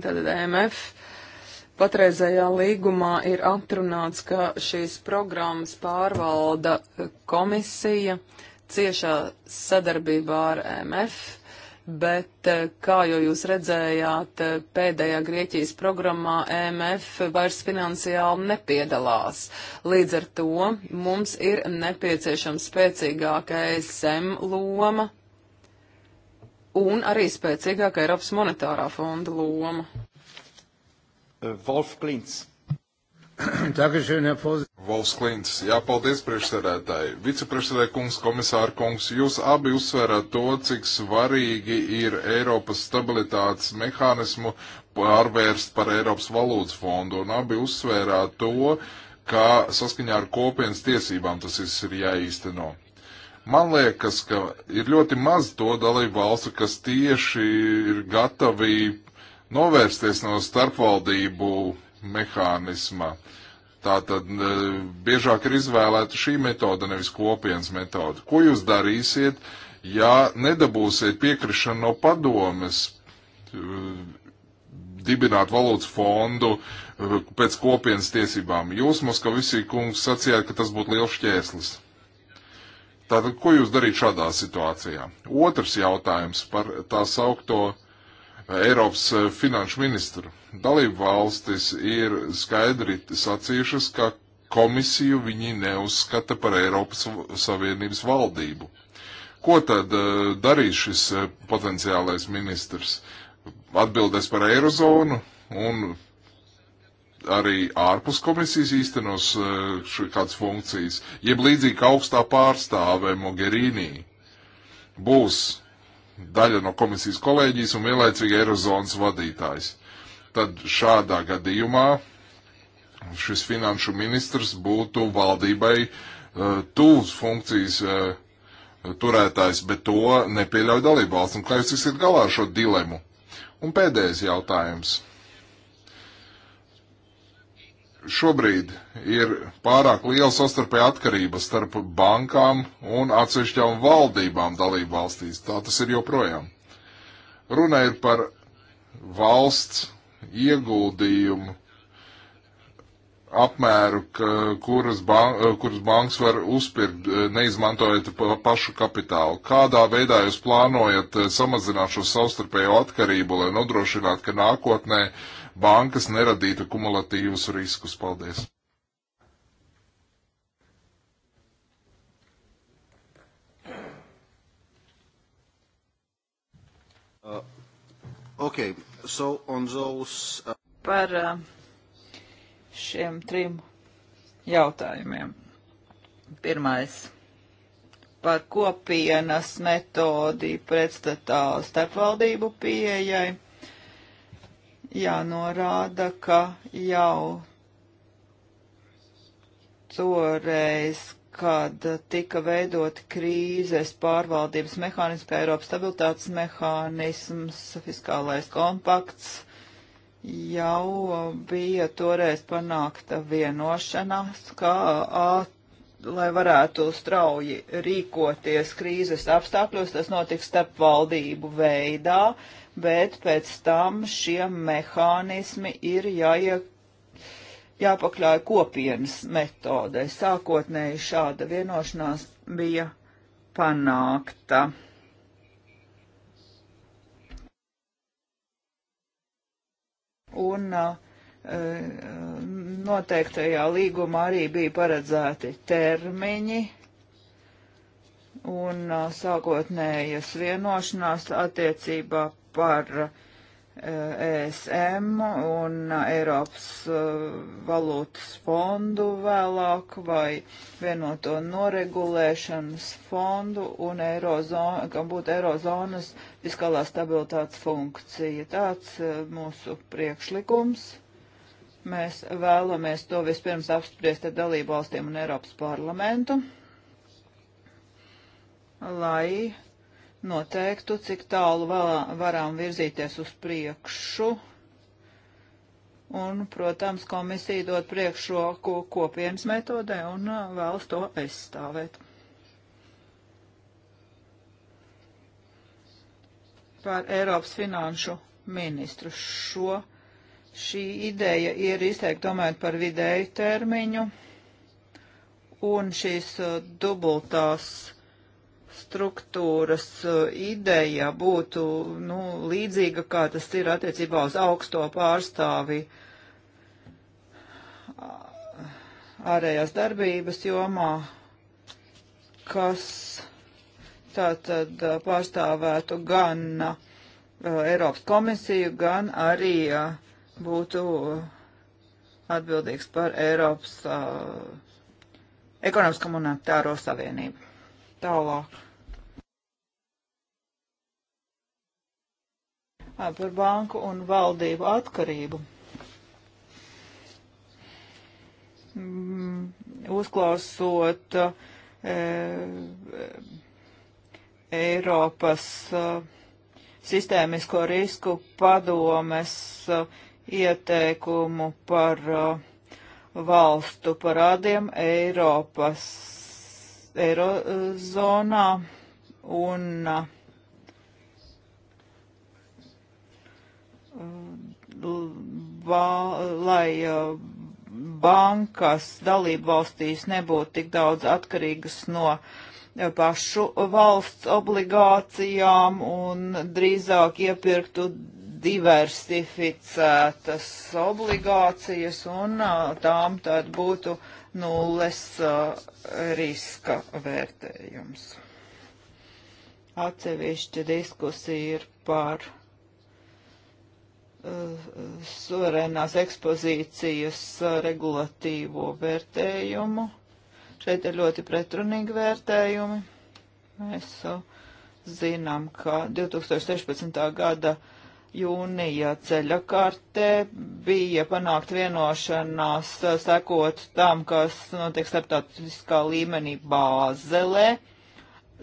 Tātad MF Patreizējā līgumā ir atrunāts, ka šīs programmas pārvalda e, komisija ciešā sadarbībā ar MF bet, e, kā jau jūs redzējāt, e, pēdējā Grieķijas programmā EMF vairs finansiāli nepiedalās. Līdz ar to mums ir nepieciešama spēcīgāka ESM loma un arī spēcīgāka Eiropas monetārā fonda loma. Uh, Wolf Klints. Valsts klints, jāpaldies priekšsēdētāji. Vicepriekšsēdētāji kungs, komisāra kungs, jūs abi uzsvērāt to, cik svarīgi ir Eiropas stabilitātes mehānismu pārvērst par Eiropas valūtas fondu, un abi uzsvērāt to, ka saskaņā ar kopienas tiesībām tas viss ir jāīsteno. Man liekas, ka ir ļoti maz to dalību valstu, kas tieši ir gatavi novērsties no starpvaldību mehānisma. Tātad e, biežāk ir izvēlēta šī metoda, nevis kopienas metoda. Ko jūs darīsiet, ja nedabūsiet piekrišanu no padomes e, dibināt valūtas fondu e, pēc kopienas tiesībām? Jūs, Moskavisī kungs, sacījāt, ka tas būtu liels šķēslis. Tātad, ko jūs darīt šādā situācijā? Otrs jautājums par tā saukto Eiropas e, finanšu ministru. Dalību valstis ir skaidri sacījušas, ka komisiju viņi neuzskata par Eiropas Savienības valdību. Ko tad e, darīs šis e, potenciālais ministrs? Atbildēs par Eirozonu un arī ārpus komisijas īstenos kādas funkcijas, jeb līdzīgi augstā pārstāve Mogherīnī būs daļa no komisijas kolēģijas un vienlaicīgi Eirozonas vadītājs. Tad šādā gadījumā šis finanšu ministrs būtu valdībai uh, tūs funkcijas uh, turētājs, bet to nepieļauj dalībvalsts. Un kā jūs tiksiet galā ar šo dilemu? Un pēdējais jautājums šobrīd ir pārāk liela sastarpēja atkarība starp bankām un atsevišķām valdībām dalību valstīs. Tā tas ir joprojām. Runa ir par valsts ieguldījumu apmēru, ka, kuras, ban kuras banks var uzpirkt, eh, neizmantojot pašu kapitālu. Kādā veidā jūs plānojat eh, samazināt šo savstarpējo atkarību, lai nodrošinātu, ka nākotnē uh, bankas neradītu kumulatīvus riskus. Paldies! Uh, okay. so on those, uh... Par uh, šiem trim jautājumiem. Pirmais par kopienas metodi pretstatā starpvaldību pieejai jānorāda, ka jau toreiz, kad tika veidot krīzes pārvaldības mehānisms, kā Eiropas stabilitātes mehānisms, fiskālais kompakts, jau bija toreiz panākta vienošanās, kā at, lai varētu strauji rīkoties krīzes apstākļos, tas notiks starp valdību veidā, bet pēc tam šie mehānismi ir jāiek jāpakļauj kopienas metodē. Sākotnēji šāda vienošanās bija panākta. Un uh, noteiktajā līgumā arī bija paredzēti termiņi, un sākotnējas vienošanās attiecībā par ESM eh, e un eh, Eiropas eh, valūtas fondu vēlāk vai vienoto noregulēšanas fondu un eirozona, kam būtu eirozonas fiskālā stabilitātes funkcija. Tāds mūsu priekšlikums. Mēs vēlamies to vispirms apspriest ar dalību valstīm un Eiropas parlamentu, lai noteiktu, cik tālu varam virzīties uz priekšu. Un, protams, komisija dod priekšroku kopienas metodē un uh, vēlas to aizstāvēt. Par Eiropas finanšu ministru šo. Šī ideja ir izteikti domājot par vidēju termiņu un šīs uh, dubultās struktūras e, ideja būtu nu, līdzīga, kā tas ir attiecībā uz augsto pārstāvi ārējās darbības jomā, kas tātad e, pārstāvētu gan uh, Eiropas komisiju, gan arī uh, būtu atbildīgs par Eiropas uh, ekonomisko monetāro savienību. Tālāk. par banku un valdību atkarību. Mm, uzklausot e, Eiropas e, sistēmisko risku padomes e, ieteikumu par valstu parādiem Eiropas Eirozonā un uh, ba, lai bankas dalību valstīs nebūtu tik daudz atkarīgas no pašu valsts obligācijām un drīzāk iepirktu diversificētas obligācijas un tām tad būtu nulles riska vērtējums. Atsevišķa diskusija ir par Eh, suverēnās ekspozīcijas eh, regulatīvo vērtējumu. Šeit ir ļoti pretrunīgi vērtējumi. Mēs eh, zinām, ka 2016. gada jūnija ceļa kartē bija panākt vienošanās sekot tam, kas notiek starptautiskā līmenī Bāzelē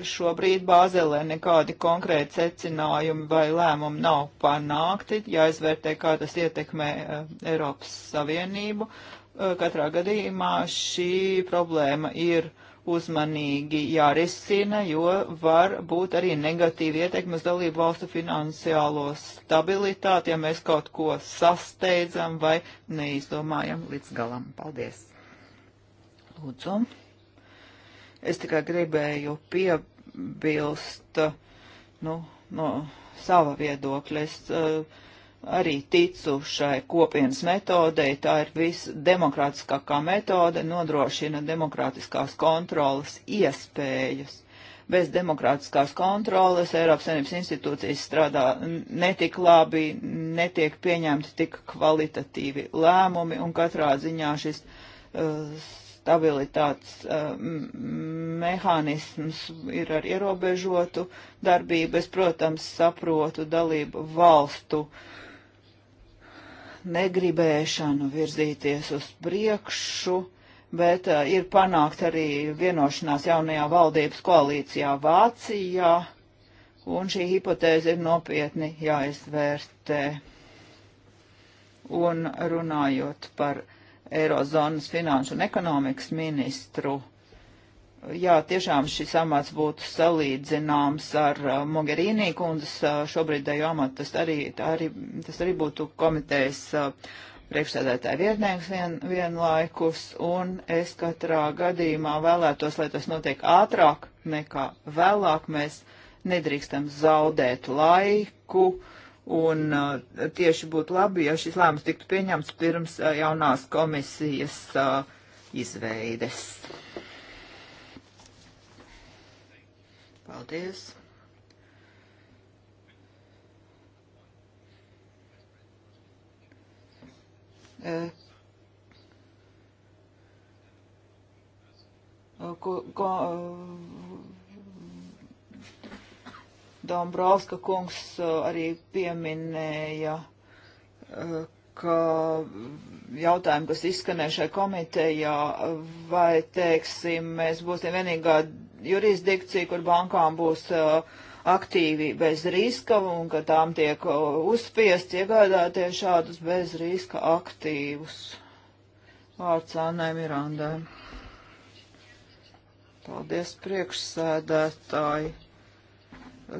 šobrīd Bāzelē nekādi konkrēti secinājumi vai lēmumi nav panākti, jāizvērtē, kā tas ietekmē eh, Eiropas Savienību. Eh, katrā gadījumā šī problēma ir uzmanīgi jārisina, jo var būt arī negatīvi ietekmi uz dalību valstu finansiālo stabilitāti, ja mēs kaut ko sasteidzam vai neizdomājam līdz galam. Paldies! Lūdzu! Es tikai gribēju piebilst, nu, no sava viedokļa. Es uh, arī ticu šai kopienas metodei. Tā ir visdemokrātiskākā metode, nodrošina demokrātiskās kontrolas iespējas. Bez demokrātiskās kontrolas Eiropas Savienības institūcijas strādā netik labi, netiek pieņemti tik kvalitatīvi lēmumi, un katrā ziņā šis uh, stabilitātes uh, mehānisms ir ar ierobežotu darbību. Es, protams, saprotu dalību valstu negribēšanu virzīties uz priekšu, bet uh, ir panākt arī vienošanās jaunajā valdības koalīcijā Vācijā, un šī hipotēze ir nopietni jāizvērtē. Un runājot par Eirozonas finanšu un ekonomikas ministru. Jā, tiešām šis amats būtu salīdzināms ar uh, Mogherīnī kundzes uh, šobrīdējo amatu. Tas arī, arī, tas arī būtu komitejas uh, priekšsēdētāja vietnieks vien, vienlaikus, un es katrā gadījumā vēlētos, lai tas notiek ātrāk nekā vēlāk. Mēs nedrīkstam zaudēt laiku Un uh, tieši būtu labi, ja šis lēmums tiktu pieņemts pirms uh, jaunās komisijas uh, izveides. Paldies! Uh, ko, ko, uh, Dombrovska kungs uh, arī pieminēja, uh, ka jautājumi, kas izskanēja šai komitejā, vai, teiksim, mēs būsim vienīgā jurisdikcija, kur bankām būs uh, aktīvi bez riska un ka tām tiek uzspiest iegādāties šādus bez riska aktīvus. Vārds Annai Mirandai. Paldies priekšsēdētāji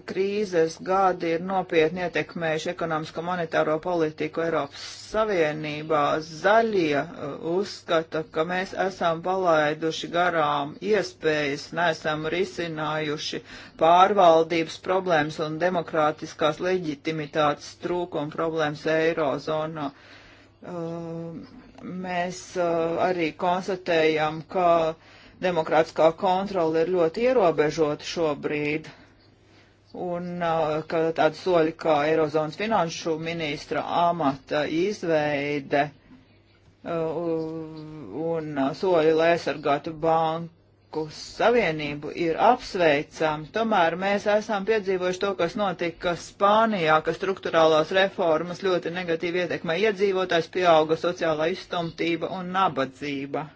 krīzes gadi ir nopietni ietekmējuši ekonomisko monetāro politiku Eiropas Savienībā. Zaļie uh, uzskata, ka mēs esam palaiduši garām iespējas, nesam risinājuši pārvaldības problēmas un demokrātiskās leģitimitātes trūkuma problēmas Eirozonā. Uh, mēs uh, arī konstatējam, ka demokrātiskā kontrola ir ļoti ierobežota šobrīd un uh, ka tādi soļi kā Eirozonas finanšu ministra amata izveide uh, un uh, soļi, lai aizsargātu banku savienību, ir apsveicami. Tomēr mēs esam piedzīvojuši to, kas notika Spānijā, ka struktūrālās reformas ļoti negatīvi ietekmē iedzīvotājs, pieauga sociālā izstumtība un nabadzība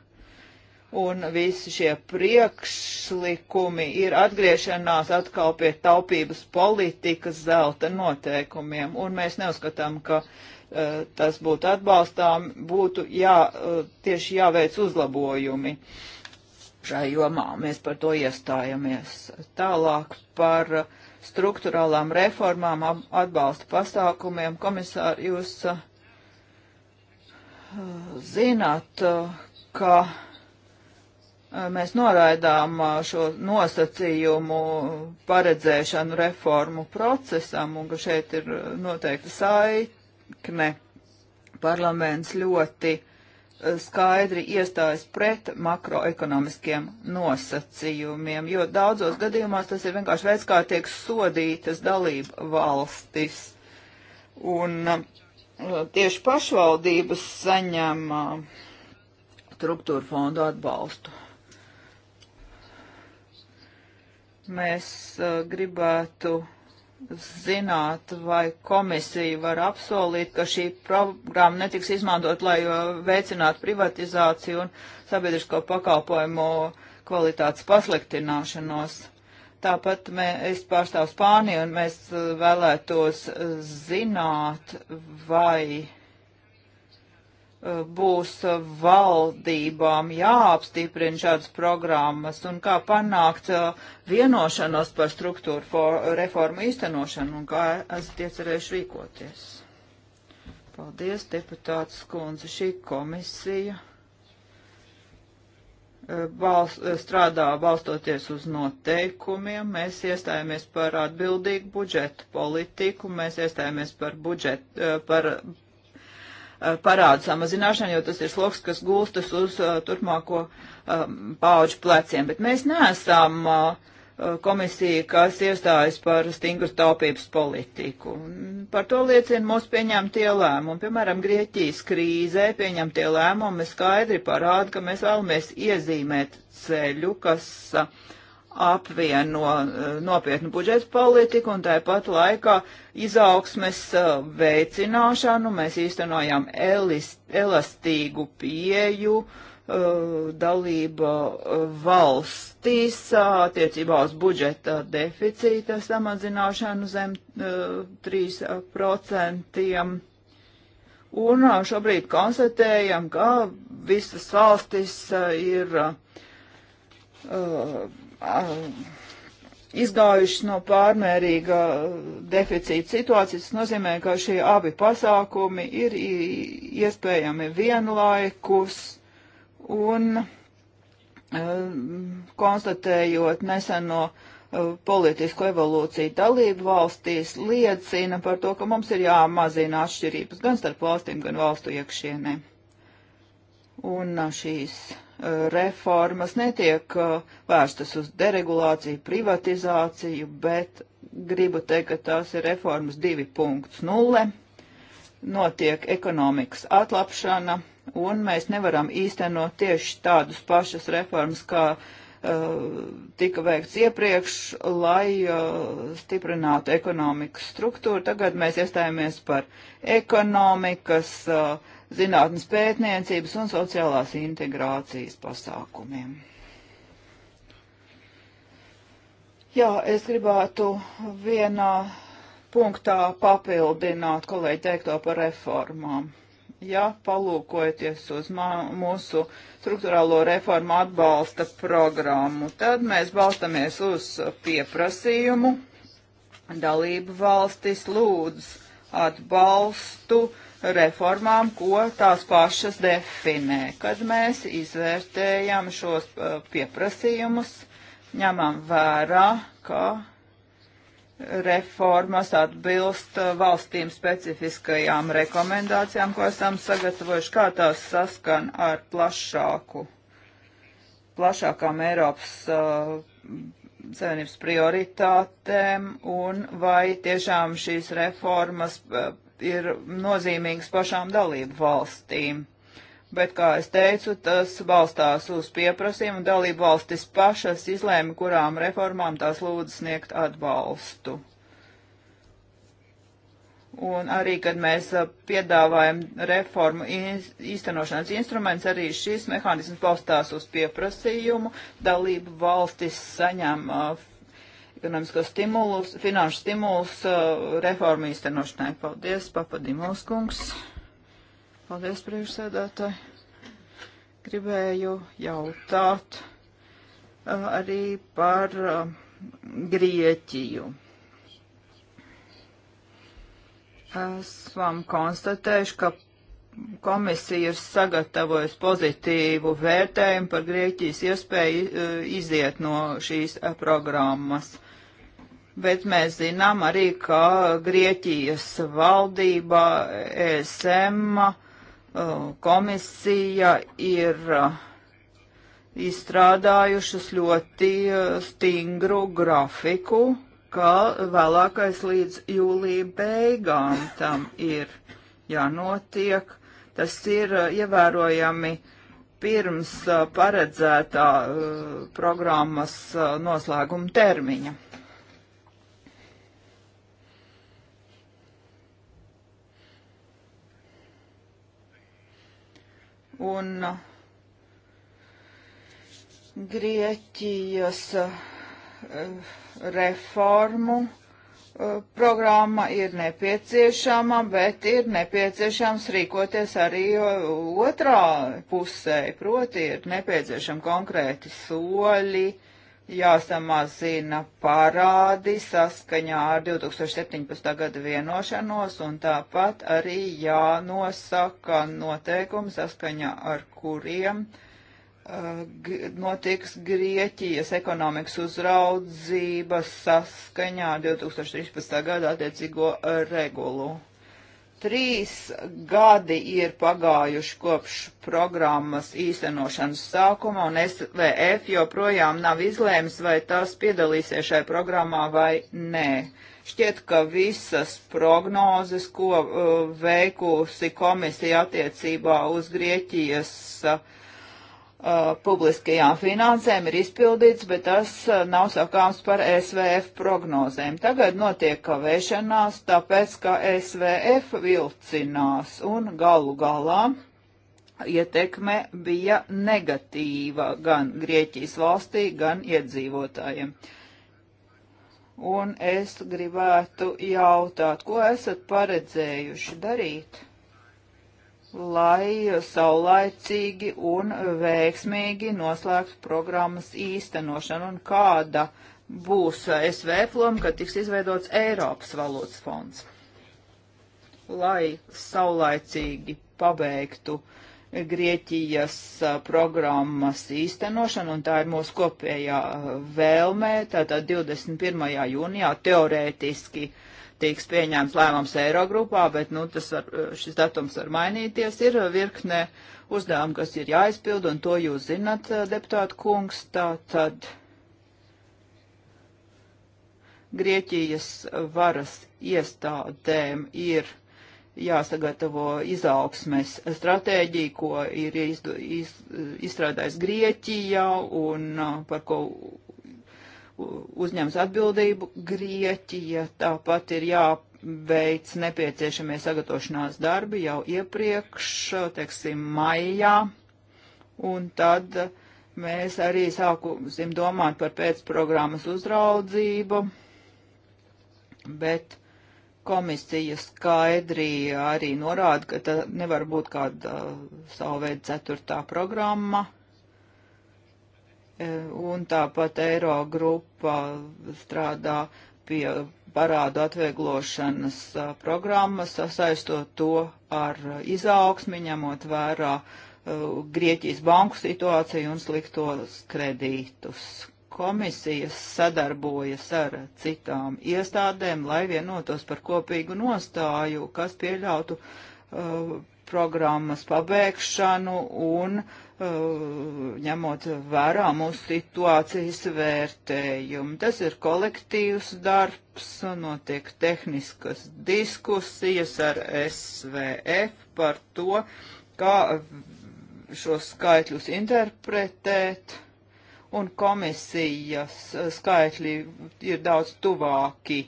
un visi šie priekšlikumi ir atgriešanās atkal pie taupības politikas zelta noteikumiem, un mēs neuzskatām, ka uh, tas būtu atbalstām, būtu jā, uh, tieši jāveic uzlabojumi šai jomā, un mēs par to iestājamies. Tālāk par struktūrālām reformām, atbalsta pasākumiem. Komisār, jūs uh, zināt, ka mēs noraidām šo nosacījumu paredzēšanu reformu procesam un ka šeit ir noteikti saikne. Parlaments ļoti skaidri iestājas pret makroekonomiskiem nosacījumiem, jo daudzos gadījumās tas ir vienkārši veids, kā tiek sodītas dalība valstis. Un tieši pašvaldības saņem struktūra fondu atbalstu. Mēs uh, gribētu zināt, vai komisija var apsolīt, ka šī programma netiks izmantot, lai uh, veicinātu privatizāciju un sabiedrisko pakalpojumu kvalitātes pasliktināšanos. Tāpat mē, es pārstāvu Spāniju un mēs uh, vēlētos uh, zināt, vai būs valdībām jāapstiprina šādas programmas un kā panākt uh, vienošanos par struktūru reformu īstenošanu un kā esat iecerējuši rīkoties. Paldies, deputāts Kunze. Šī komisija uh, balst, uh, strādā balstoties uz noteikumiem. Mēs iestājāmies par atbildīgu budžetu politiku, mēs iestājāmies par, budžet, par Eh, parādu samazināšanu, jo tas ir sloks, kas gulstas uz uh, turpmāko um, pauģu pleciem. Bet mēs neesam uh, komisija, kas iestājas par stingru taupības politiku. Par to liecina mūsu pieņemtie lēmumi. Piemēram, Grieķijas krīzē pieņemtie lēmumi skaidri parāda, ka mēs vēlamies iezīmēt ceļu, kas uh, apvieno eh, nopietnu budžeta politiku un tāpat laikā izaugsmes eh, veicināšanu. Mēs īstenojam elist, elastīgu pieju eh, dalība valstīs attiecībā uz budžeta deficīta samazināšanu zem 3%. Un šobrīd konstatējam, ka visas valstis ir uh, Uh, izgājušas no pārmērīga deficīta situācijas. Tas nozīmē, ka šie abi pasākumi ir iespējami vienlaikus un uh, konstatējot neseno uh, politisko evolūciju dalību valstīs liecina par to, ka mums ir jāmazina atšķirības gan starp valstīm, gan valstu iekšienē. Un šīs Eh, reformas netiek eh, vērstas uz deregulāciju, privatizāciju, bet gribu teikt, ka tās ir reformas 2.0. Notiek ekonomikas atlapšana, un mēs nevaram īstenot tieši tādus pašas reformas, kā uh, tika veikts iepriekš, lai uh, stiprinātu ekonomikas struktūru. Tagad mēs iestājāmies par ekonomikas uh, zinātnes pētniecības un sociālās integrācijas pasākumiem. Jā, es gribētu vienā punktā papildināt kolēģi teikto par reformām. Ja palūkojaties uz mūsu struktūrālo reformu atbalsta programmu, tad mēs balstamies uz pieprasījumu. Dalību valstis lūdz atbalstu uh, reformām, ko tās pašas definē. Kad mēs izvērtējam šos uh, pieprasījumus, ņemam vērā, ka reformas atbilst uh, valstīm specifiskajām rekomendācijām, ko esam sagatavojuši, kā tās saskan ar plašāku, plašākām Eiropas uh, savienības prioritātēm un vai tiešām šīs reformas uh, ir nozīmīgas pašām dalību valstīm. Bet, kā es teicu, tas balstās uz pieprasījumu, un dalību valstis pašas izlēma, kurām reformām tās lūdz sniegt atbalstu. Un arī, kad mēs uh, piedāvājam reformu īstenošanas instruments, arī šis mehānisms balstās uz pieprasījumu. Dalību valstis saņem uh, ekonomisko stimulus, finanšu stimulus uh, reformu īstenošanai. Paldies, papadimovs kungs. Paldies, priekšsēdētāji. Gribēju jautāt uh, arī par uh, Grieķiju. Esam konstatējuši, ka komisija ir sagatavojusi pozitīvu vērtējumu par Grieķijas iespēju uh, iziet no šīs programmas bet mēs zinām arī, ka Grieķijas valdība, ESM uh, komisija ir uh, izstrādājušas ļoti uh, stingru grafiku, ka vēlākais līdz jūlija beigām tam ir jānotiek. Tas ir ievērojami pirms paredzētā programmas noslēguma termiņa. un Grieķijas eh, reformu eh, programma ir nepieciešama, bet ir nepieciešams rīkoties arī eh, otrā pusē, proti ir nepieciešami konkrēti soļi, jāsamazina parādi saskaņā ar 2017. gada vienošanos un tāpat arī jānosaka noteikumi saskaņā ar kuriem uh, notiks Grieķijas ekonomikas uzraudzība saskaņā ar 2013. gada attiecīgo regulu. Trīs gadi ir pagājuši kopš programmas īstenošanas sākuma, un SVF joprojām nav izlēmis, vai tās piedalīsies šai programmā vai nē. Šķiet, ka visas prognozes, ko uh, veikusi komisija attiecībā uz Grieķijas uh, Uh, publiskajām finansēm ir izpildīts, bet tas uh, nav sakāms par SVF prognozēm. Tagad notiek kavēšanās, tāpēc ka SVF vilcinās un galu galā ietekme bija negatīva gan Grieķijas valstī, gan iedzīvotājiem. Un es gribētu jautāt, ko esat paredzējuši darīt? lai saulaicīgi un veiksmīgi noslēgtu programmas īstenošanu un kāda būs SV ploma, kad tiks izveidots Eiropas valūtas fonds, lai saulaicīgi pabeigtu Grieķijas programmas īstenošanu, un tā ir mūsu kopējā vēlmē, tātad 21. jūnijā teorētiski uh, tiks pieņēmts lēmums Eirogrupā, bet nu, var, eh, šis datums var mainīties. Ir eh, virkne uzdevumu, kas ir jāizpild, un to jūs zinat, eh, deputāta kungs. Tā tad Grieķijas varas iestādēm ir jāsagatavo izaugsmes stratēģija, ko ir izdu, iz, izstrādājis Grieķija un par ko uzņems atbildību Grieķija, tāpat ir jāveic nepieciešamie sagatavošanās darbi jau iepriekš, teiksim, maijā, un tad mēs arī sākusim domāt par pēcprogrammas uzraudzību, bet komisija skaidri arī norāda, ka tā nevar būt kāda uh, savveida ceturtā programma un tāpat Eiro grupa strādā pie parādu atvieglošanas programmas, sasaistot to ar izaugsmi, ņemot vērā Grieķijas banku situāciju un sliktos kredītus. Komisijas sadarbojas ar citām iestādēm, lai vienotos par kopīgu nostāju, kas pieļautu uh, programmas pabeigšanu un uh, Uh, ņemot vērā mūsu situācijas vērtējumu. Tas ir kolektīvs darbs, notiek tehniskas diskusijas ar SVF par to, kā šos skaitļus interpretēt, un komisijas skaitļi ir daudz tuvāki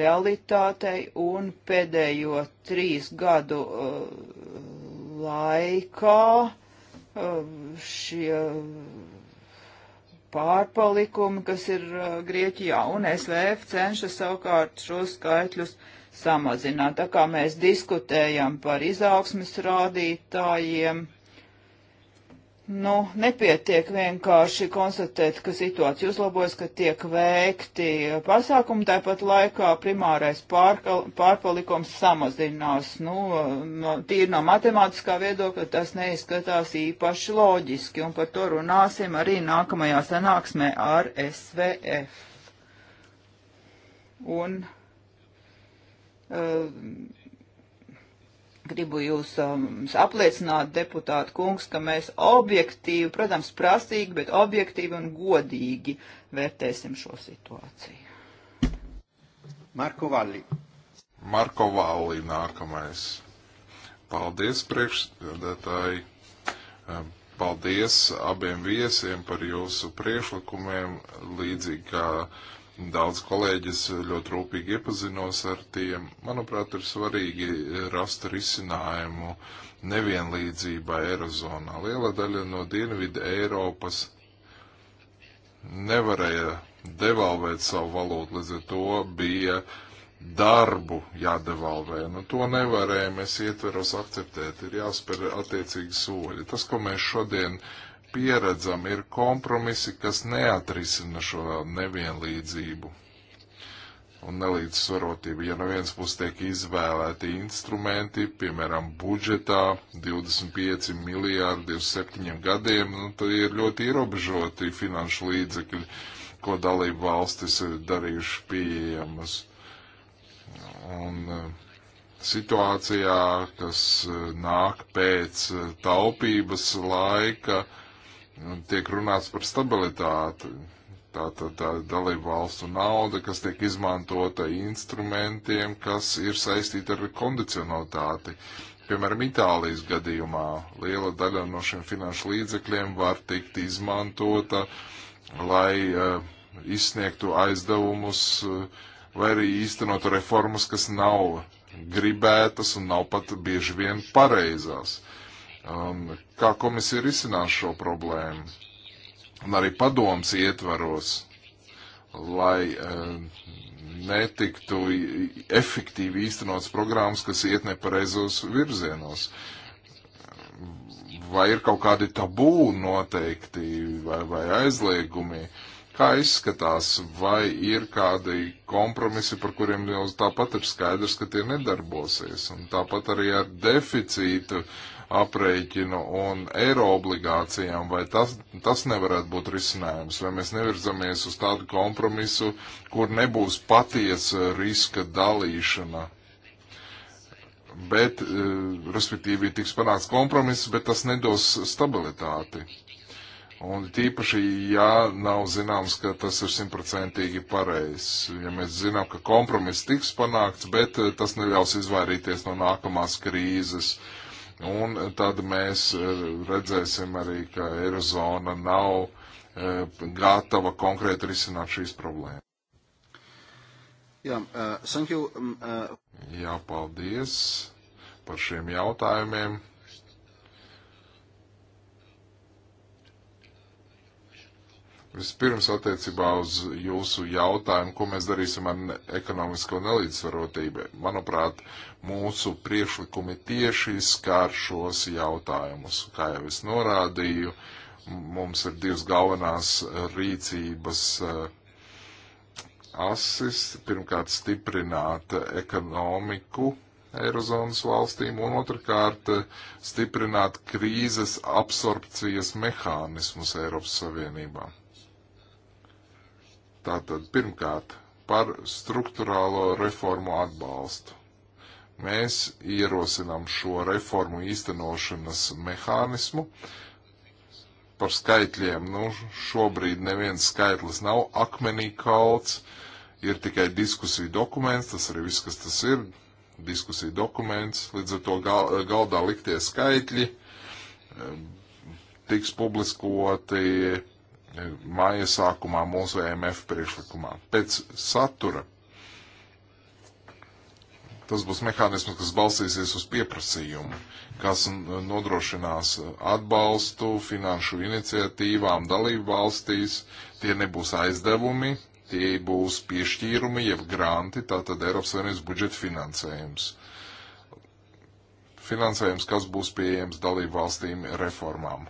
realitātei, un pēdējo trīs gadu uh, laikā Um, šie pārpalikumi, kas ir uh, Grieķijā, un SVF cenšas savukārt šos skaitļus samazināt. Tā kā mēs diskutējam par izaugsmes rādītājiem, Nu, nepietiek vienkārši konstatēt, ka situācija uzlabojas, ka tiek veikti pasākumi, tāpat laikā primārais pārkal, pārpalikums samazinās. Nu, no, tīri no matemātiskā viedokļa tas neizskatās īpaši loģiski, un par to runāsim arī nākamajā sanāksmē ar SVF. Un, uh, Gribu jūs um, apliecināt, deputāta kungs, ka mēs objektīvi, protams, prasīgi, bet objektīvi un godīgi vērtēsim šo situāciju. Marko Valli. Marko Valli nākamais. Paldies priekšsēdētāji. Um, paldies abiem viesiem par jūsu priešlikumiem, līdzīgi kā uh, Daudz kolēģis ļoti rūpīgi iepazinos ar tiem. Manuprāt, ir svarīgi rast risinājumu nevienlīdzībai Eirozonā. Liela daļa no Dienvidu Eiropas nevarēja devalvēt savu valūtu, līdz ar to bija darbu jādevalvē. Nu, to nevarēja mēs ietveros akceptēt, ir jāspēr attiecīgi soļi. Tas, ko mēs šodien uh, pieredzam, ir kompromisi, kas neatrisina šo nevienlīdzību un nelīdzsvarotību. Ja no vienas puses tiek izvēlēti instrumenti, piemēram, budžetā 25 miljārdi uz septiņiem gadiem, nu, tad ir ļoti ierobežoti finanšu līdzekļi, ko dalību valstis ir darījuši pieejamas. Un, uh, situācijā, kas eh, nāk pēc eh, taupības laika, tiek runāts par stabilitāti. Tā, tā, tā dalību valstu nauda, kas tiek izmantota instrumentiem, kas ir saistīti ar kondicionalitāti. Piemēram, Itālijas gadījumā liela daļa no šiem finanšu līdzekļiem var tikt izmantota, lai uh, izsniegtu aizdevumus uh, vai arī īstenotu reformas, kas nav gribētas un nav pat bieži vien pareizās. Uh, um, kā komisija risinās šo problēmu, un arī padoms ietvaros, lai um, netiktu efektīvi īstenots programmas, kas iet nepareizos virzienos. Vai ir kaut kādi tabū noteikti vai, vai aizliegumi? Kā izskatās, vai ir kādi kompromisi, par kuriem jau tāpat ir skaidrs, ka tie nedarbosies? Un tāpat arī ar deficītu uh, aprēķinu un eiro obligācijām, vai tas, tas nevarētu būt risinājums, vai mēs nevirzamies uz tādu kompromisu, kur nebūs patiesa riska dalīšana. Bet, e, respektīvi, tiks panāks kompromiss, bet tas nedos stabilitāti. Un tīpaši, ja nav zināms, ka tas ir simtprocentīgi pareizs. Ja mēs zinām, ka kompromiss tiks panākts, bet e, tas neļaus izvairīties no nākamās krīzes. Uh, Un tad mēs e, redzēsim arī, ka Eirozona nav e, gatava konkrēti risināt šīs problēmas. Jā, yeah, uh, thank you. Um, uh... Jā, paldies par šiem jautājumiem. Vispirms attiecībā uz jūsu jautājumu, ko mēs darīsim ar ekonomisko nelīdzsvarotību. Manuprāt, mūsu priešlikumi tieši skār šos jautājumus. Kā jau es norādīju, mums ir divas galvenās rīcības eh, asis. Pirmkārt, stiprināt ekonomiku Eirozonas valstīm, un otrkārt, eh, stiprināt krīzes absorpcijas mehānismus Eiropas Savienībā. Tātad pirmkārt par struktūrālo reformu atbalstu. Mēs ierosinām šo reformu īstenošanas mehānismu par skaitļiem. Nu, šobrīd neviens skaitlis nav akmenī kalts, ir tikai diskusija dokuments, tas arī viss, kas tas ir, diskusija dokuments, līdz ar to gal, galdā liktie skaitļi ehm, tiks publiskoti māja sākumā mūsu EMF priekšlikumā. Pēc satura tas būs mehānisms, kas balstīsies uz pieprasījumu, kas nodrošinās atbalstu finanšu iniciatīvām dalību valstīs. Tie nebūs aizdevumi, tie būs piešķīrumi jeb granti, tātad Eiropas Savienības budžeta finansējums. Finansējums, kas būs pieejams dalību valstīm reformām.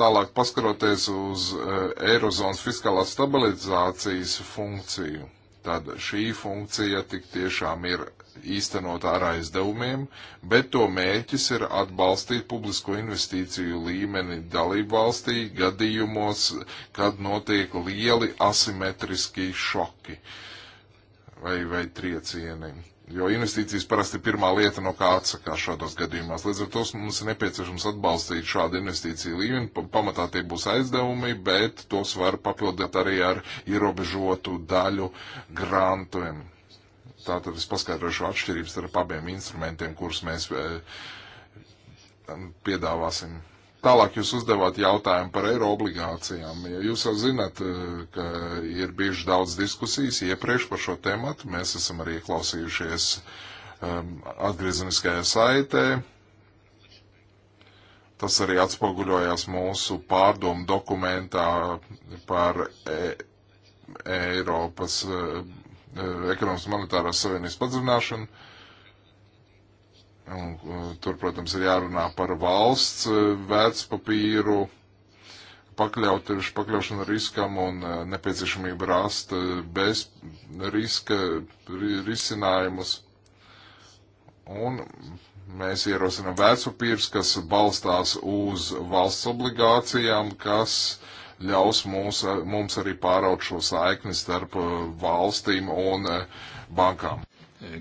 Tālāk paskaroties uz eh, Eirozonas fiskālās stabilizācijas funkciju, tad šī funkcija tik tiešām ir īstenot ar aizdevumiem, bet to mērķis ir atbalstīt publisko investīciju līmeni dalību valstī gadījumos, kad notiek lieli asimetriski šoki vai, vai triecieni jo investīcijas parasti ir pirmā lieta, no kā atsakās šādos gadījumās. Līdz ar to mums ir nepieciešams atbalstīt šādu investīciju līmeni. Pamatā tie būs aizdevumi, bet tos var papildināt arī ar ierobežotu daļu grantiem. Tātad es paskaidrošu atšķirības starp abiem instrumentiem, kurus mēs eh, piedāvāsim Tālāk jūs uzdevāt jautājumu par eiro obligācijām. Ja jūs jau zinat, eh, ka ir bijuši daudz diskusijas iepriekš par šo tematu. Mēs esam arī klausījušies um, ehm, atgriezeniskajā saitē. Tas arī atspoguļojās mūsu pārdomu dokumentā par e Eiropas eh, e Ekonomikas monetārās savienības padzināšanu. Uh, Un, uh, tur, protams, ir jārunā par valsts uh, vērtspapīru pakļaut, pakļaušanu riskam un uh, nepieciešamību rast bez riska risinājumus. Un mēs ierosinām vērtspapīrus, kas balstās uz valsts obligācijām, kas ļaus mūs, mums arī pāraut šo saikni starp valstīm un bankām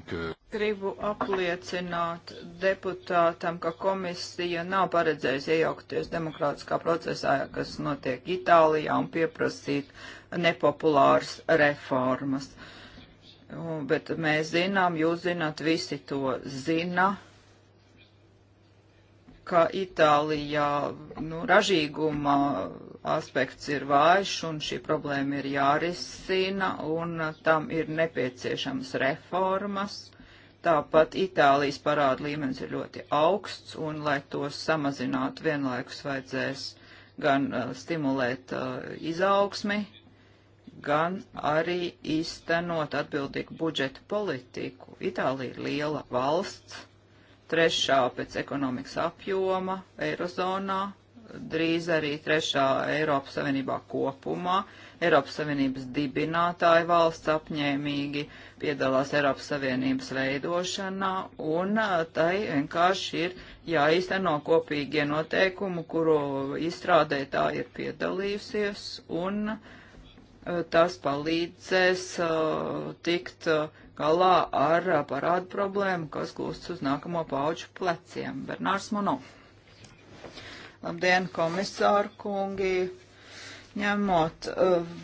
ka. Gribu apliecināt deputātam, ka komisija nav paredzējusi iejaukties demokrātiskā procesā, kas notiek Itālijā un pieprasīt nepopulāras reformas. Bet mēs zinām, jūs zināt, visi to zina ka Itālijā nu, ražīguma aspekts ir vājš un šī problēma ir jārisina un tam ir nepieciešamas reformas. Tāpat Itālijas parāda līmenis ir ļoti augsts un, lai tos samazinātu, vienlaikus vajadzēs gan uh, stimulēt uh, izaugsmi, gan arī īstenot atbildīgu budžeta politiku. Itālija ir liela valsts trešā pēc ekonomikas apjoma Eirozonā, drīz arī trešā Eiropas Savienībā kopumā. Eiropas Savienības dibinātāja valsts apņēmīgi piedalās Eiropas Savienības veidošanā, un uh, tai vienkārši ir jāīsteno kopīgie noteikumi, kuru izstrādē tā ir piedalījusies, un uh, tas palīdzēs uh, tikt uh, galā ar parādu problēmu, kas gūst uz nākamo pauģu pleciem. Bernārs Mono. Labdien, komisāru kungi! Ņemot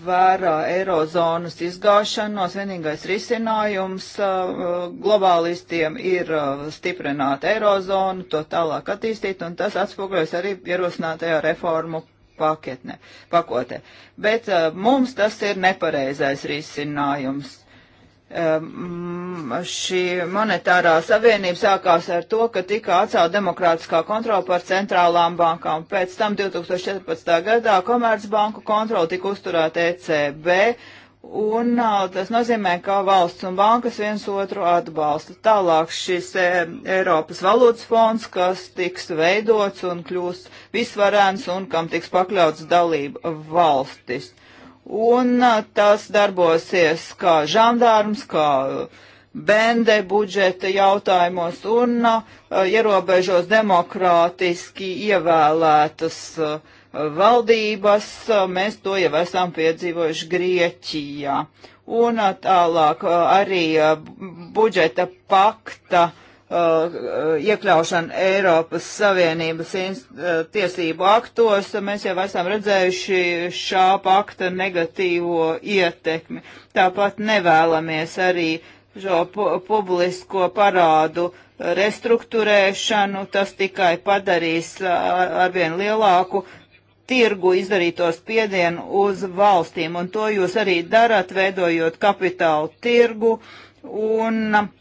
vērā eirozonas izgāšanos, vienīgais risinājums globālistiem ir stiprināt eirozonu, to tālāk attīstīt, un tas atspoguļojas arī ierosinātajā reformu paketne, pakotē. Bet uh, mums tas ir nepareizais risinājums. Um, šī monetārā savienība sākās ar to, ka tika atcelt demokrātiskā kontrola pār centrālām bankām. Pēc tam 2014. gadā Komercbanku kontrola tika uzturēta ECB, un uh, tas nozīmē, ka valsts un bankas viens otru atbalsta. Tālāk šis e, Eiropas valūtas fonds, kas tiks veidots un kļūs visvarēns un kam tiks pakļauts dalība valstis. Uh, un tas darbosies kā žandārms, kā bende budžeta jautājumos un ierobežos demokrātiski ievēlētas valdības. Mēs to jau esam piedzīvojuši Grieķijā. Un tālāk arī budžeta pakta Uh, iekļaušanu Eiropas Savienības uh, tiesību aktos, mēs jau esam redzējuši šā pakta negatīvo ietekmi. Tāpat nevēlamies arī šo pu publisko parādu restruktūrēšanu, tas tikai padarīs uh, arvien lielāku tirgu izdarīto spiedienu uz valstīm, un to jūs arī darat, veidojot kapitālu tirgu un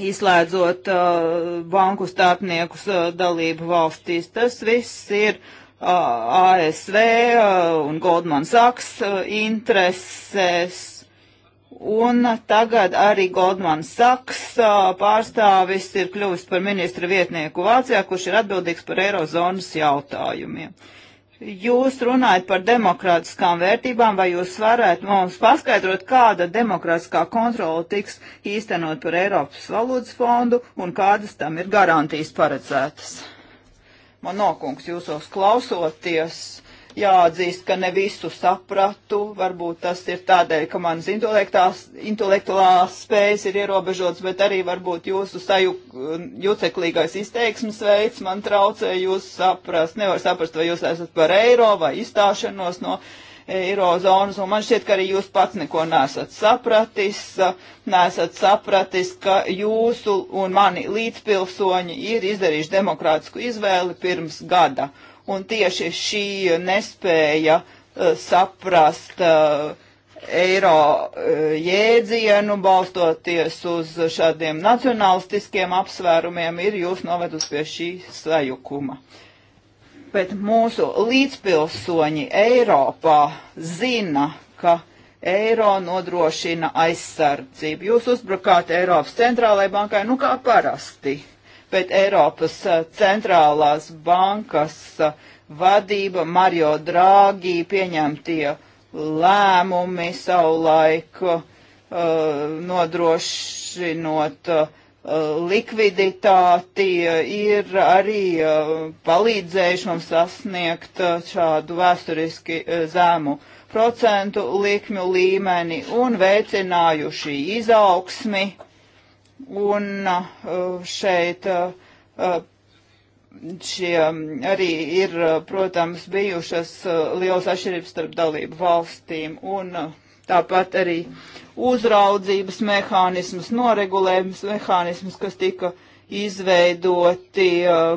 izslēdzot uh, banku starpniekus uh, dalību valstīs. Tas viss ir uh, ASV uh, un Goldman Sachs uh, interesēs. Un tagad arī Goldman Sachs uh, pārstāvis ir kļuvis par ministra vietnieku Vācijā, kurš ir atbildīgs par eirozonas jautājumiem. Uh, Jūs runājat par demokrātiskām vērtībām, vai jūs varētu mums paskaidrot, kāda demokrātiskā kontrola tiks īstenot par Eiropas valūtas fondu un kādas tam ir garantijas paredzētas? Man nokungs, jūsos klausoties, Jāatzīst, ka ne visu sapratu, varbūt tas ir tādēļ, ka manas intelektuālās spējas ir ierobežotas, bet arī varbūt jūsu sajuk, juceklīgais izteiksmes veids man traucē jūs saprast. Nevar saprast, vai jūs esat par eiro vai izstāšanos no eirozonas, un man šķiet, ka arī jūs pats neko nesat sapratis, nesat sapratis, ka jūsu un mani līdzpilsoņi ir izdarījuši demokrātisku izvēli pirms gada. Uh, un tieši šī nespēja uh, saprast uh, eiro uh, jēdzienu, balstoties uz šādiem nacionalistiskiem apsvērumiem, ir jūs novedus pie šī sajukuma. Bet mūsu līdzpilsoņi Eiropā zina, ka eiro nodrošina aizsardzību. Jūs uzbrukāt Eiropas centrālajai bankai, nu kā parasti. Uh, bet Eiropas eh, centrālās bankas eh, vadība Mario Draghi pieņemtie lēmumi savulaik uh, nodrošinot uh, likviditāti ir arī uh, palīdzējuši mums sasniegt šādu vēsturiski zēmu procentu likmju līmeni un veicinājuši izaugsmi Un uh, šeit uh, uh, šie arī ir, protams, bijušas liels atšķirības starp dalību valstīm un tāpat arī uzraudzības mehānismus, noregulējums mehānismus, kas tika izveidoti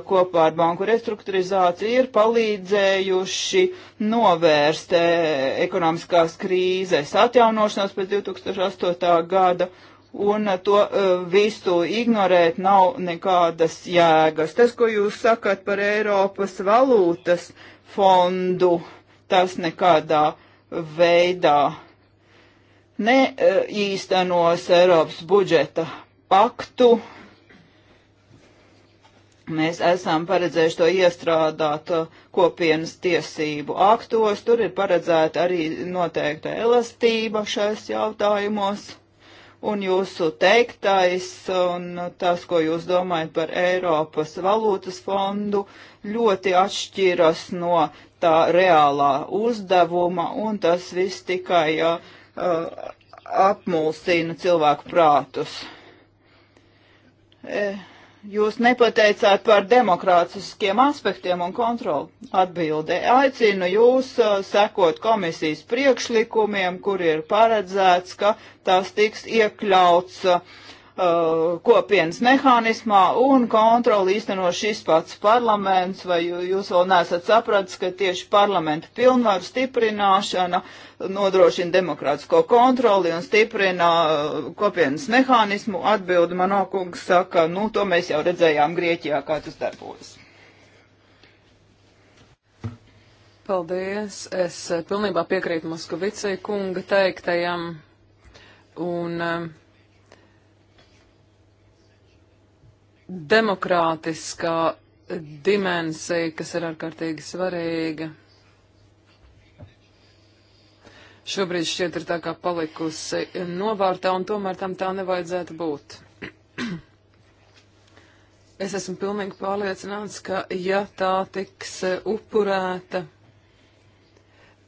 kopā ar banku restruktūrizāciju, ir palīdzējuši novērst ekonomiskās krīzes atjaunošanos pēc 2008. gada un to e, visu ignorēt nav nekādas jēgas. Tas, ko jūs sakat par Eiropas valūtas fondu, tas nekādā veidā neīstenos Eiropas budžeta paktu. Mēs esam paredzējuši to iestrādāt e, kopienas tiesību aktos. Tur ir paredzēta arī noteikta elastība šais jautājumos un jūsu teiktais un tas, ko jūs domājat par Eiropas valūtas fondu, ļoti atšķiras no tā reālā uzdevuma, un tas viss tikai uh, uh apmulsina cilvēku prātus. E, Jūs nepateicāt par demokrātiskiem aspektiem un kontroli atbildē. Aicinu jūs uh, sekot komisijas priekšlikumiem, kur ir paredzēts, ka tās tiks iekļauts uh, uh, kopienas mehānismā un kontroli īsteno šis pats parlaments, vai jūs vēl nesat sapratis, ka tieši parlamenta pilnvaru stiprināšana nodrošina demokrātisko kontroli un stiprina uh, kopienas mehānismu. Atbildi manokungs saka, nu to mēs jau redzējām Grieķijā, kā tas darbojas. Paldies! Es uh, pilnībā piekrītu Moskavicai kunga teiktajam. Un, uh, demokrātiskā dimensija, kas ir ārkārtīgi svarīga. Šobrīd šķiet ir tā kā palikusi novārtā, un tomēr tam tā nevajadzētu būt. es esmu pilnīgi pārliecināts, ka ja tā tiks upurēta,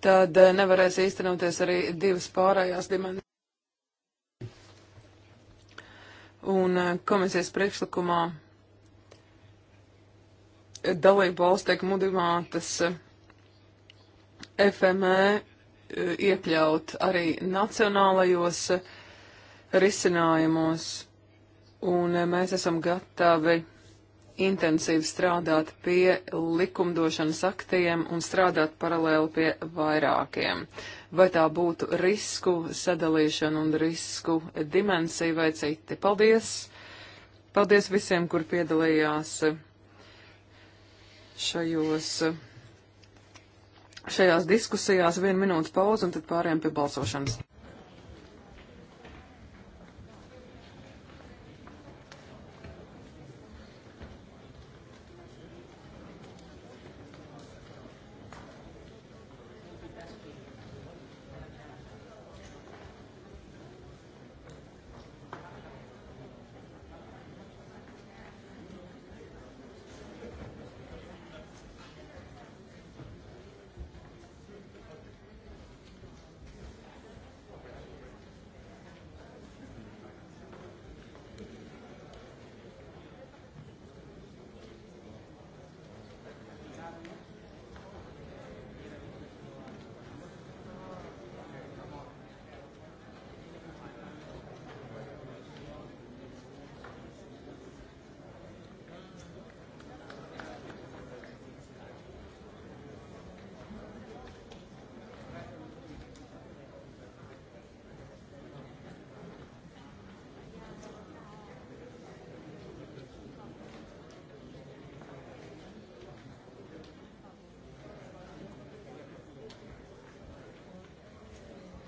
tad nevarēs īstenoties arī divas pārējās dimensijas. Un eh, komisijas priekšlikumā dalību valsts tiek mudinātas eh, FME eh, iekļaut arī nacionālajos risinājumos, un mēs esam gatavi intensīvi strādāt pie likumdošanas aktiem un strādāt paralēli pie vairākiem. Uh, vai tā būtu risku sadalīšana un risku dimensija vai citi. Paldies! Paldies visiem, kur piedalījās šajos, šajās diskusijās. Vienu minūtes pauze un tad pārējām pie balsošanas.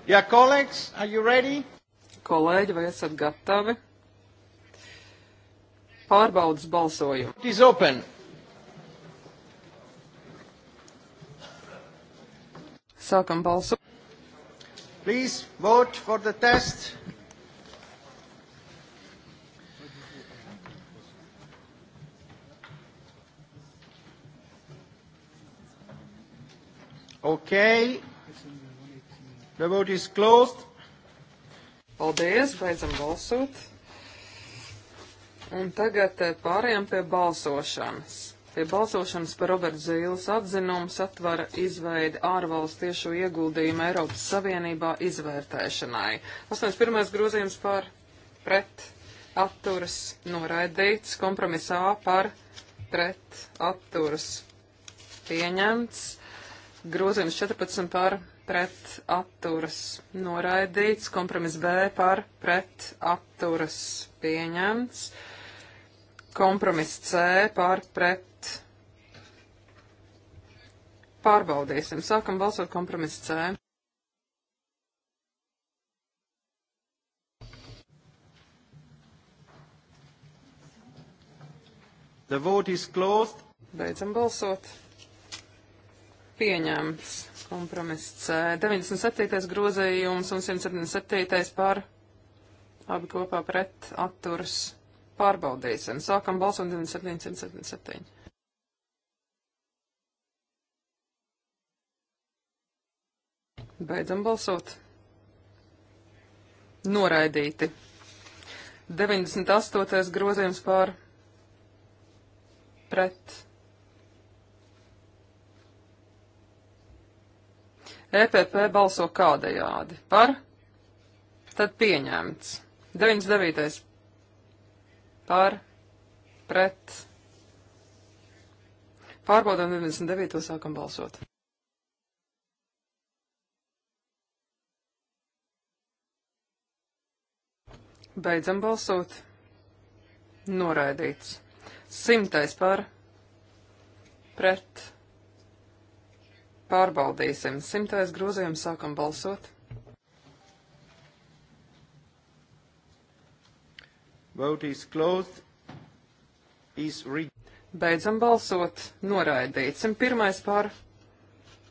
Yeah, colleagues, are you ready? Kolēģi, vai esat gatavi? Pārbaudas balsojumu. It is open. Sākam balsu. Please vote for the test. Okay, The vote is closed. Paldies, beidzam balsot. Un tagad eh, pārējām pie balsošanas. Pie balsošanas par Roberta Zīles atzinumu satvara izveidi ārvalstu tiešo ieguldījumu Eiropas Savienībā izvērtēšanai. 81. grozījums par pret atturas noraidīts, kompromisā par pret atturas pieņemts, grozījums 14 par pret pret atturas noraidīts, kompromis B par pret atturas pieņemts, kompromis C par pret pārbaudīsim. Sākam balsot kompromis C. The vote is closed. Beidzam balsot. Pieņemts. Kompromiss C. 97. grozējums un 177. par abi kopā pret atturs pārbaudīsim. Sākam balsot 97, 177. Beidzam balsot. Noraidīti. 98. grozījums pār pret EPP balso kādējādi. Par? Tad pieņemts. 99. Par? Pret? Pārbaudām 99. sākam balsot. Beidzam balsot. Noraidīts. Simtais par pret Pārbaudīsim. Simtais grozījums sākam balsot. Vote is closed. Is re... Beidzam balsot. Noraidīt. 101 par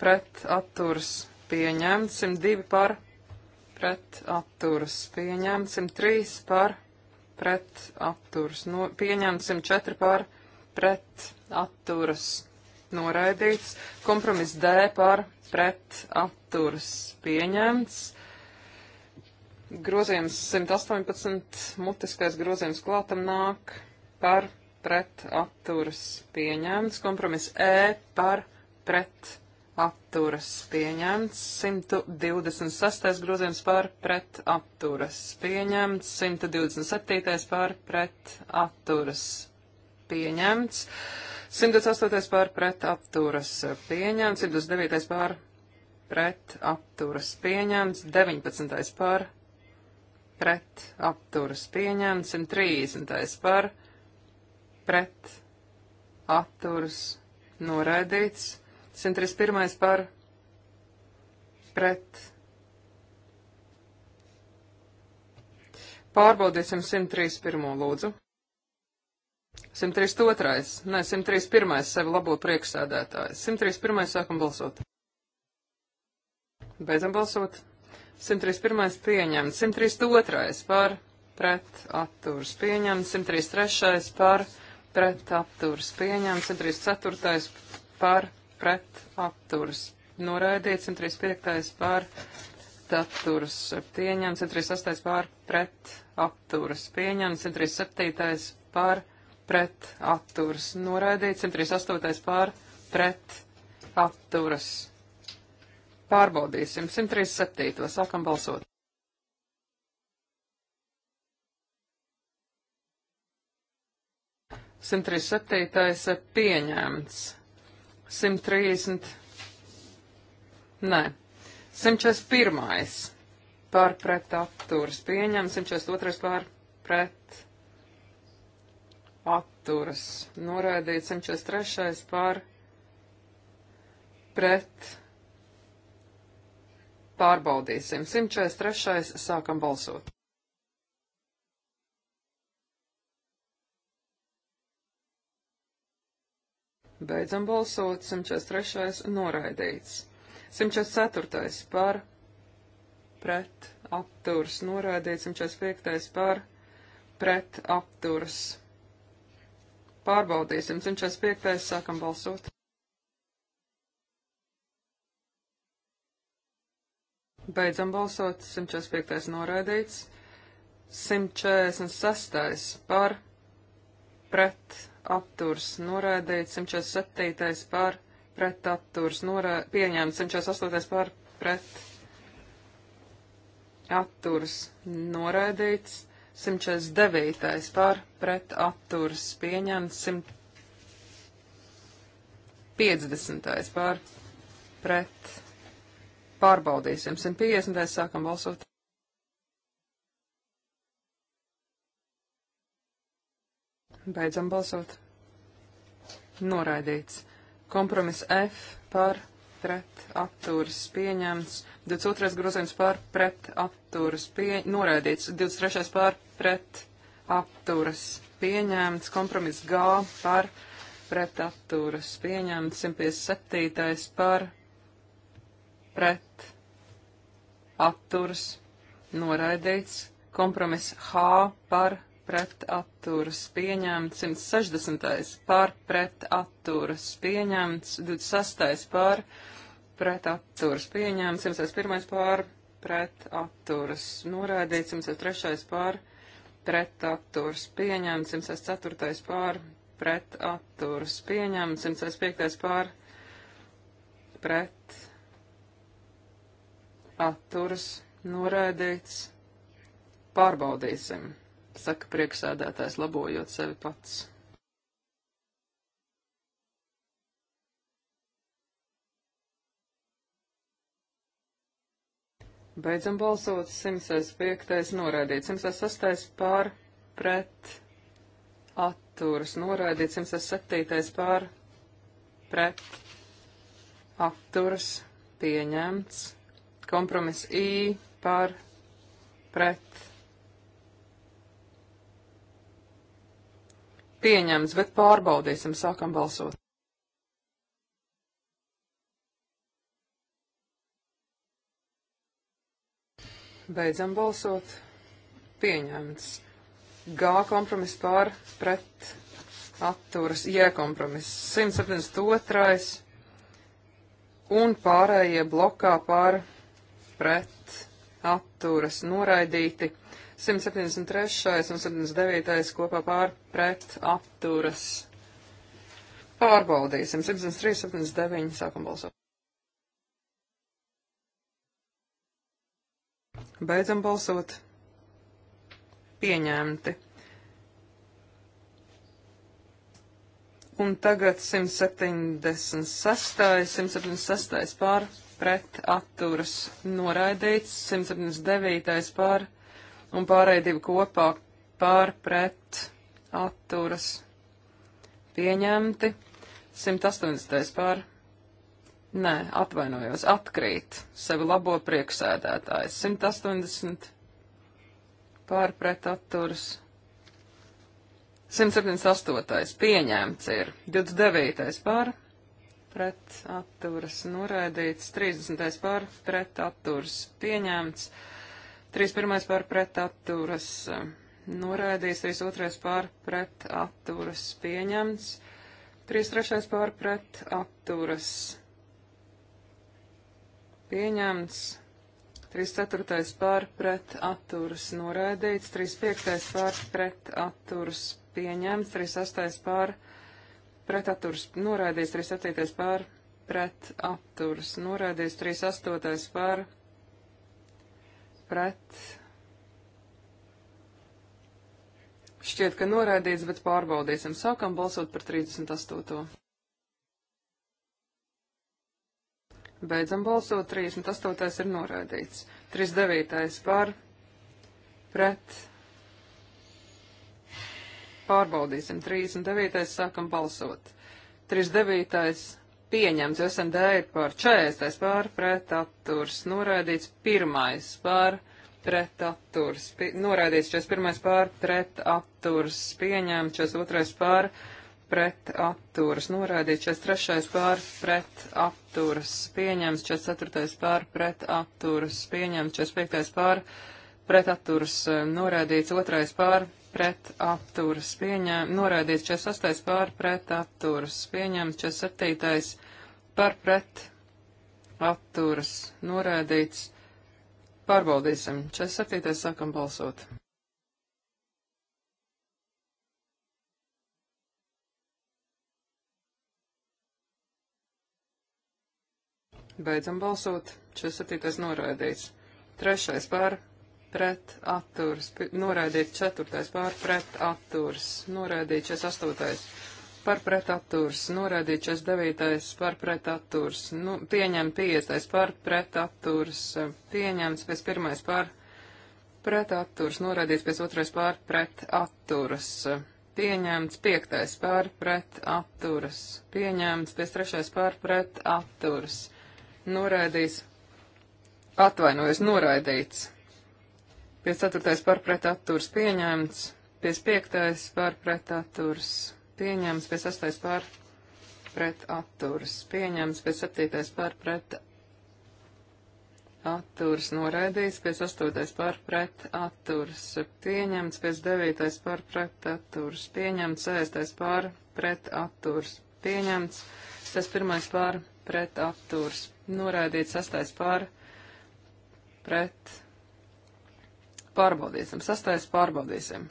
pret atturs pieņemts. 102 par pret atturs pieņemts. 103 par pret atturs no, pieņemts. 104 par pret atturs noraidīts, kompromiss D par pret atturas pieņemts, grozījums 118, mutiskais grozījums klātam nāk par pret atturas pieņemts, kompromiss E par pret atturas pieņemts, 126. grozījums par pret atturas pieņemts, 127. par pret atturas pieņemts. 128. pār pret apturas pieņemts, 129. pār pret apturas pieņemts, 19. pār pret apturas pieņemts, 130. pār pret apturas noraidīts, 131. pār pret. Pārbaudīsim 131. lūdzu. 132. Nē, 131. sevi labo priekšsēdētāju. 131. sākam balsot. Beidzam balsot. 131. pieņemts. 132. par pret atturs pieņemts. 133. par pret atturs pieņemts. 134. par pret atturs noraidīts. 135. par pret atturs pieņemts. 138. par pret atturs pieņemts. 137. par pret atturs pieņemts pret atturas noraidīts, 138. pār pret atturas. Pārbaudīsim, 137. sākam balsot. Simt trīs septītais pieņēmts. Simt trīsdesmit. Nē. Simt četrdesmit pirmais pār pret aptūras pieņemts. Simt četrdesmit otrais pār pret atturas noraidīts, 143. par pret pārbaudīsim. 143. sākam balsot. Beidzam balsot, 143. noraidīts. 144. par pret apturs noraidīts, 145. par pret apturs noraidīts Pārbaudīsim. 145. sākam balsot. Beidzam balsot. 145. noraidīts. 146. par pret apturs noraidīts. 147. par pret apturs norā... pieņemts. 148. par pret apturs noraidīts. 149. par pret atturas pieņemts, 150. par pret pārbaudīsim, 150. sākam balsot. Beidzam balsot. Noraidīts. Kompromiss F par pret atturas pieņemts, 22. grozījums pār pret atturas pie, noraidīts, 23. pār pret atturas pieņemts, kompromiss G par pret atturas pieņemts, 157. par pret atturas noraidīts, kompromiss H par pret atturas pieņemts, 160. par pret atturas pieņemts, 26. par pret atturas pieņemts, 101. par pret atturas norādīts, 103. par pret atturas pieņemts, 104. par pret atturas pieņemts, 105. par pret atturas norādīts pārbaudīsim saka prieksēdētājs, labojot sevi pats. Beidzam balsot 105. noraidīt, 106. pār pret atturas, noraidīt 107. pār pret atturas, pieņemts, kompromiss I pār pret pieņemts, bet pārbaudīsim, sākam balsot. Beidzam balsot. Pieņemts. G kompromis pār pret atturas. J kompromis 172. Un pārējie blokā pār pret atturas noraidīti. 173. un 79. kopā pār pret apturas. Pārbaudīsim. 173, 79. Sākam balsot. Beidzam balsot. Pieņemti. Un tagad 176, 176 pār pret atturas noraidīts, 179 pār pret un pārējie divi kopā pār pret atturas pieņemti. 180. pār. Nē, atvainojos, atkrīt. Sevi labo prieksēdētājs. 180 pār pret atturas. 178. pieņemts ir. 29. pār pret atturas noraidīts. 30. pār pret atturas pieņemts. 31. pār eh, pret atturas noraidīts, 32. pār pret atturas pieņemts, 33. pār pret atturas pieņemts, 34. pār pret atturas noraidīts, 35. pār pret atturas pieņemts, 38. pār pret atturas noraidīts, 37. pār pret atturas noraidīts, 38. pār pret. Šķiet, ka noraidīts, bet pārbaudīsim. Sākam balsot par 38. Beidzam balsot, 38. ir noraidīts. 39. par pret. Pārbaudīsim. 39. sākam balsot. 39 pieņemts, jo SND ir par 40 pār pretaturs, noraidīts pirmais pār pretaturs, pi, noraidīts 41 pār pretaturs, pieņemts 42 pār pretaturs, noraidīts 43 pār pretaturs, pieņemts 44 pār pretaturs, pieņemts 45 pār pretaturs, noraidīts 2 pār pretaturs pret atturas pieņēmts, noraidīts 48 pār pret atturas pieņēmts, 47 par pret atturas noraidīts. Pārbaudīsim. 47. sākam balsot. Beidzam balsot. 47. noraidīts. Trešais pār pret atturs, noraidīt 4. pār pret atturs, noraidīt 48. par pret atturs, noraidīt 49. par pret atturs, nu, pieņem 50. par pret atturs, pieņems pēc 1. par pret atturs, noraidīts pēc 2. par pret atturs. Pieņemts piektais pār pret atturas. Pieņemts pēc trešais pār pret atturas. Noraidīs. Atvainojas, noraidīts. 54. par pret atturs pieņemts. 55. par pret atturs pieņemts. 56. par pret atturs pieņemts. 57. par pret atturs noraidīts, pēc 8. pārpret atturs pieņemts, pēc 9. pārpret atturs pieņemts, 6. pārpret atturs pieņemts, 101. pārpret atturs noraidīts, 6. pārpret pārbaudīsim. Sastais pārbaudīsim.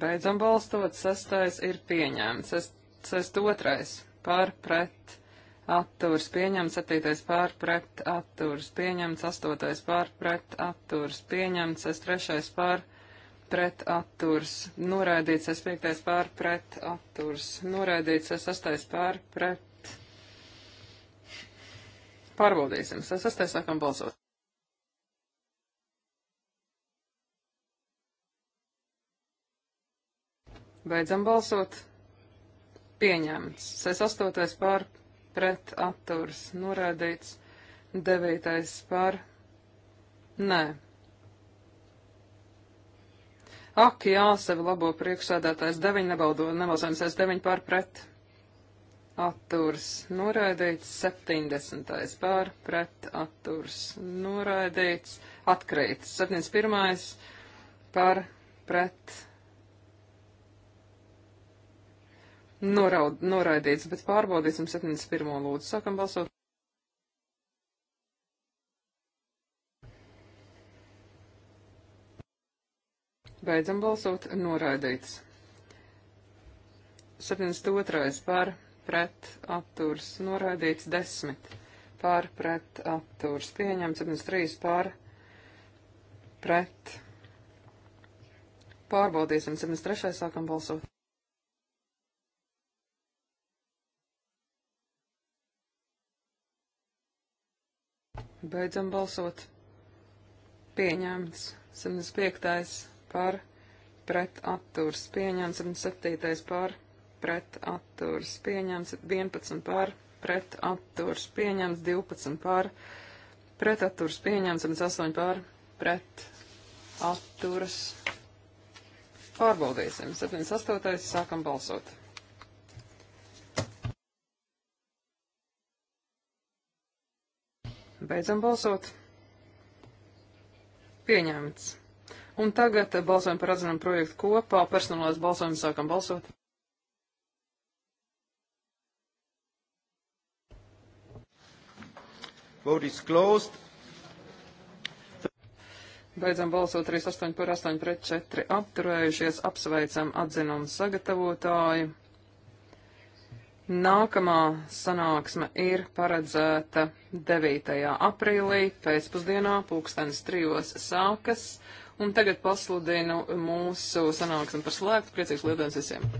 Beidzam balstot, sastais ir pieņēmts. Sest, sest otrais pār pret atturs pieņemts, septītais pār pret atturs pieņemts, astotais pār pret atturs pieņemts, sest trešais pār pret pret atturs, noraidīts S5 pār pret atturs, noraidīts S8 pār pret. Pārbaudīsim, S8 sākam balsot. Beidzam balsot. Pieņemts. 68. pār pret atturs, noraidīts. 9. pār. Nē. Ak, jā, sevi labo priekšsēdētājs 9 nebaldo, nemazojamsies 9 pār pret. Atturs noraidīts 70. pār pret atturs noraidīts atkrīts 71. pār pret noraud, noraidīts, bet pārbaudīsim 71. lūdzu. Sākam balsot. Beidzam balsot, noraidīts. 72. par pret atturs, noraidīts 10. par pret atturs, pieņemts 73 par pret. Pārbaudīsim 73. sākam balsot. Beidzam balsot. Pieņemts 75 par pret atturs pieņemts, 77. par pret atturs pieņemts, 11 par pret atturs pieņemts, 12 par pret atturs pieņemts, 78 par pret atturs. Pārbaudīsim. 78. sākam balsot. Beidzam balsot. Pieņemts. Un tagad balsojam par atzinumu projektu kopā. Personālais balsojums sākam balsot. Vote is closed. Beidzam balsot 38 par 8 pret 4 apturējušies, apsveicam atzinumu sagatavotāju. Nākamā sanāksme ir paredzēta 9. aprīlī pēcpusdienā, pulkstens trijos sākas, Un tagad pasludinu mūsu sanāksmi par slēgtu. Priecīgs lieldienas visiem!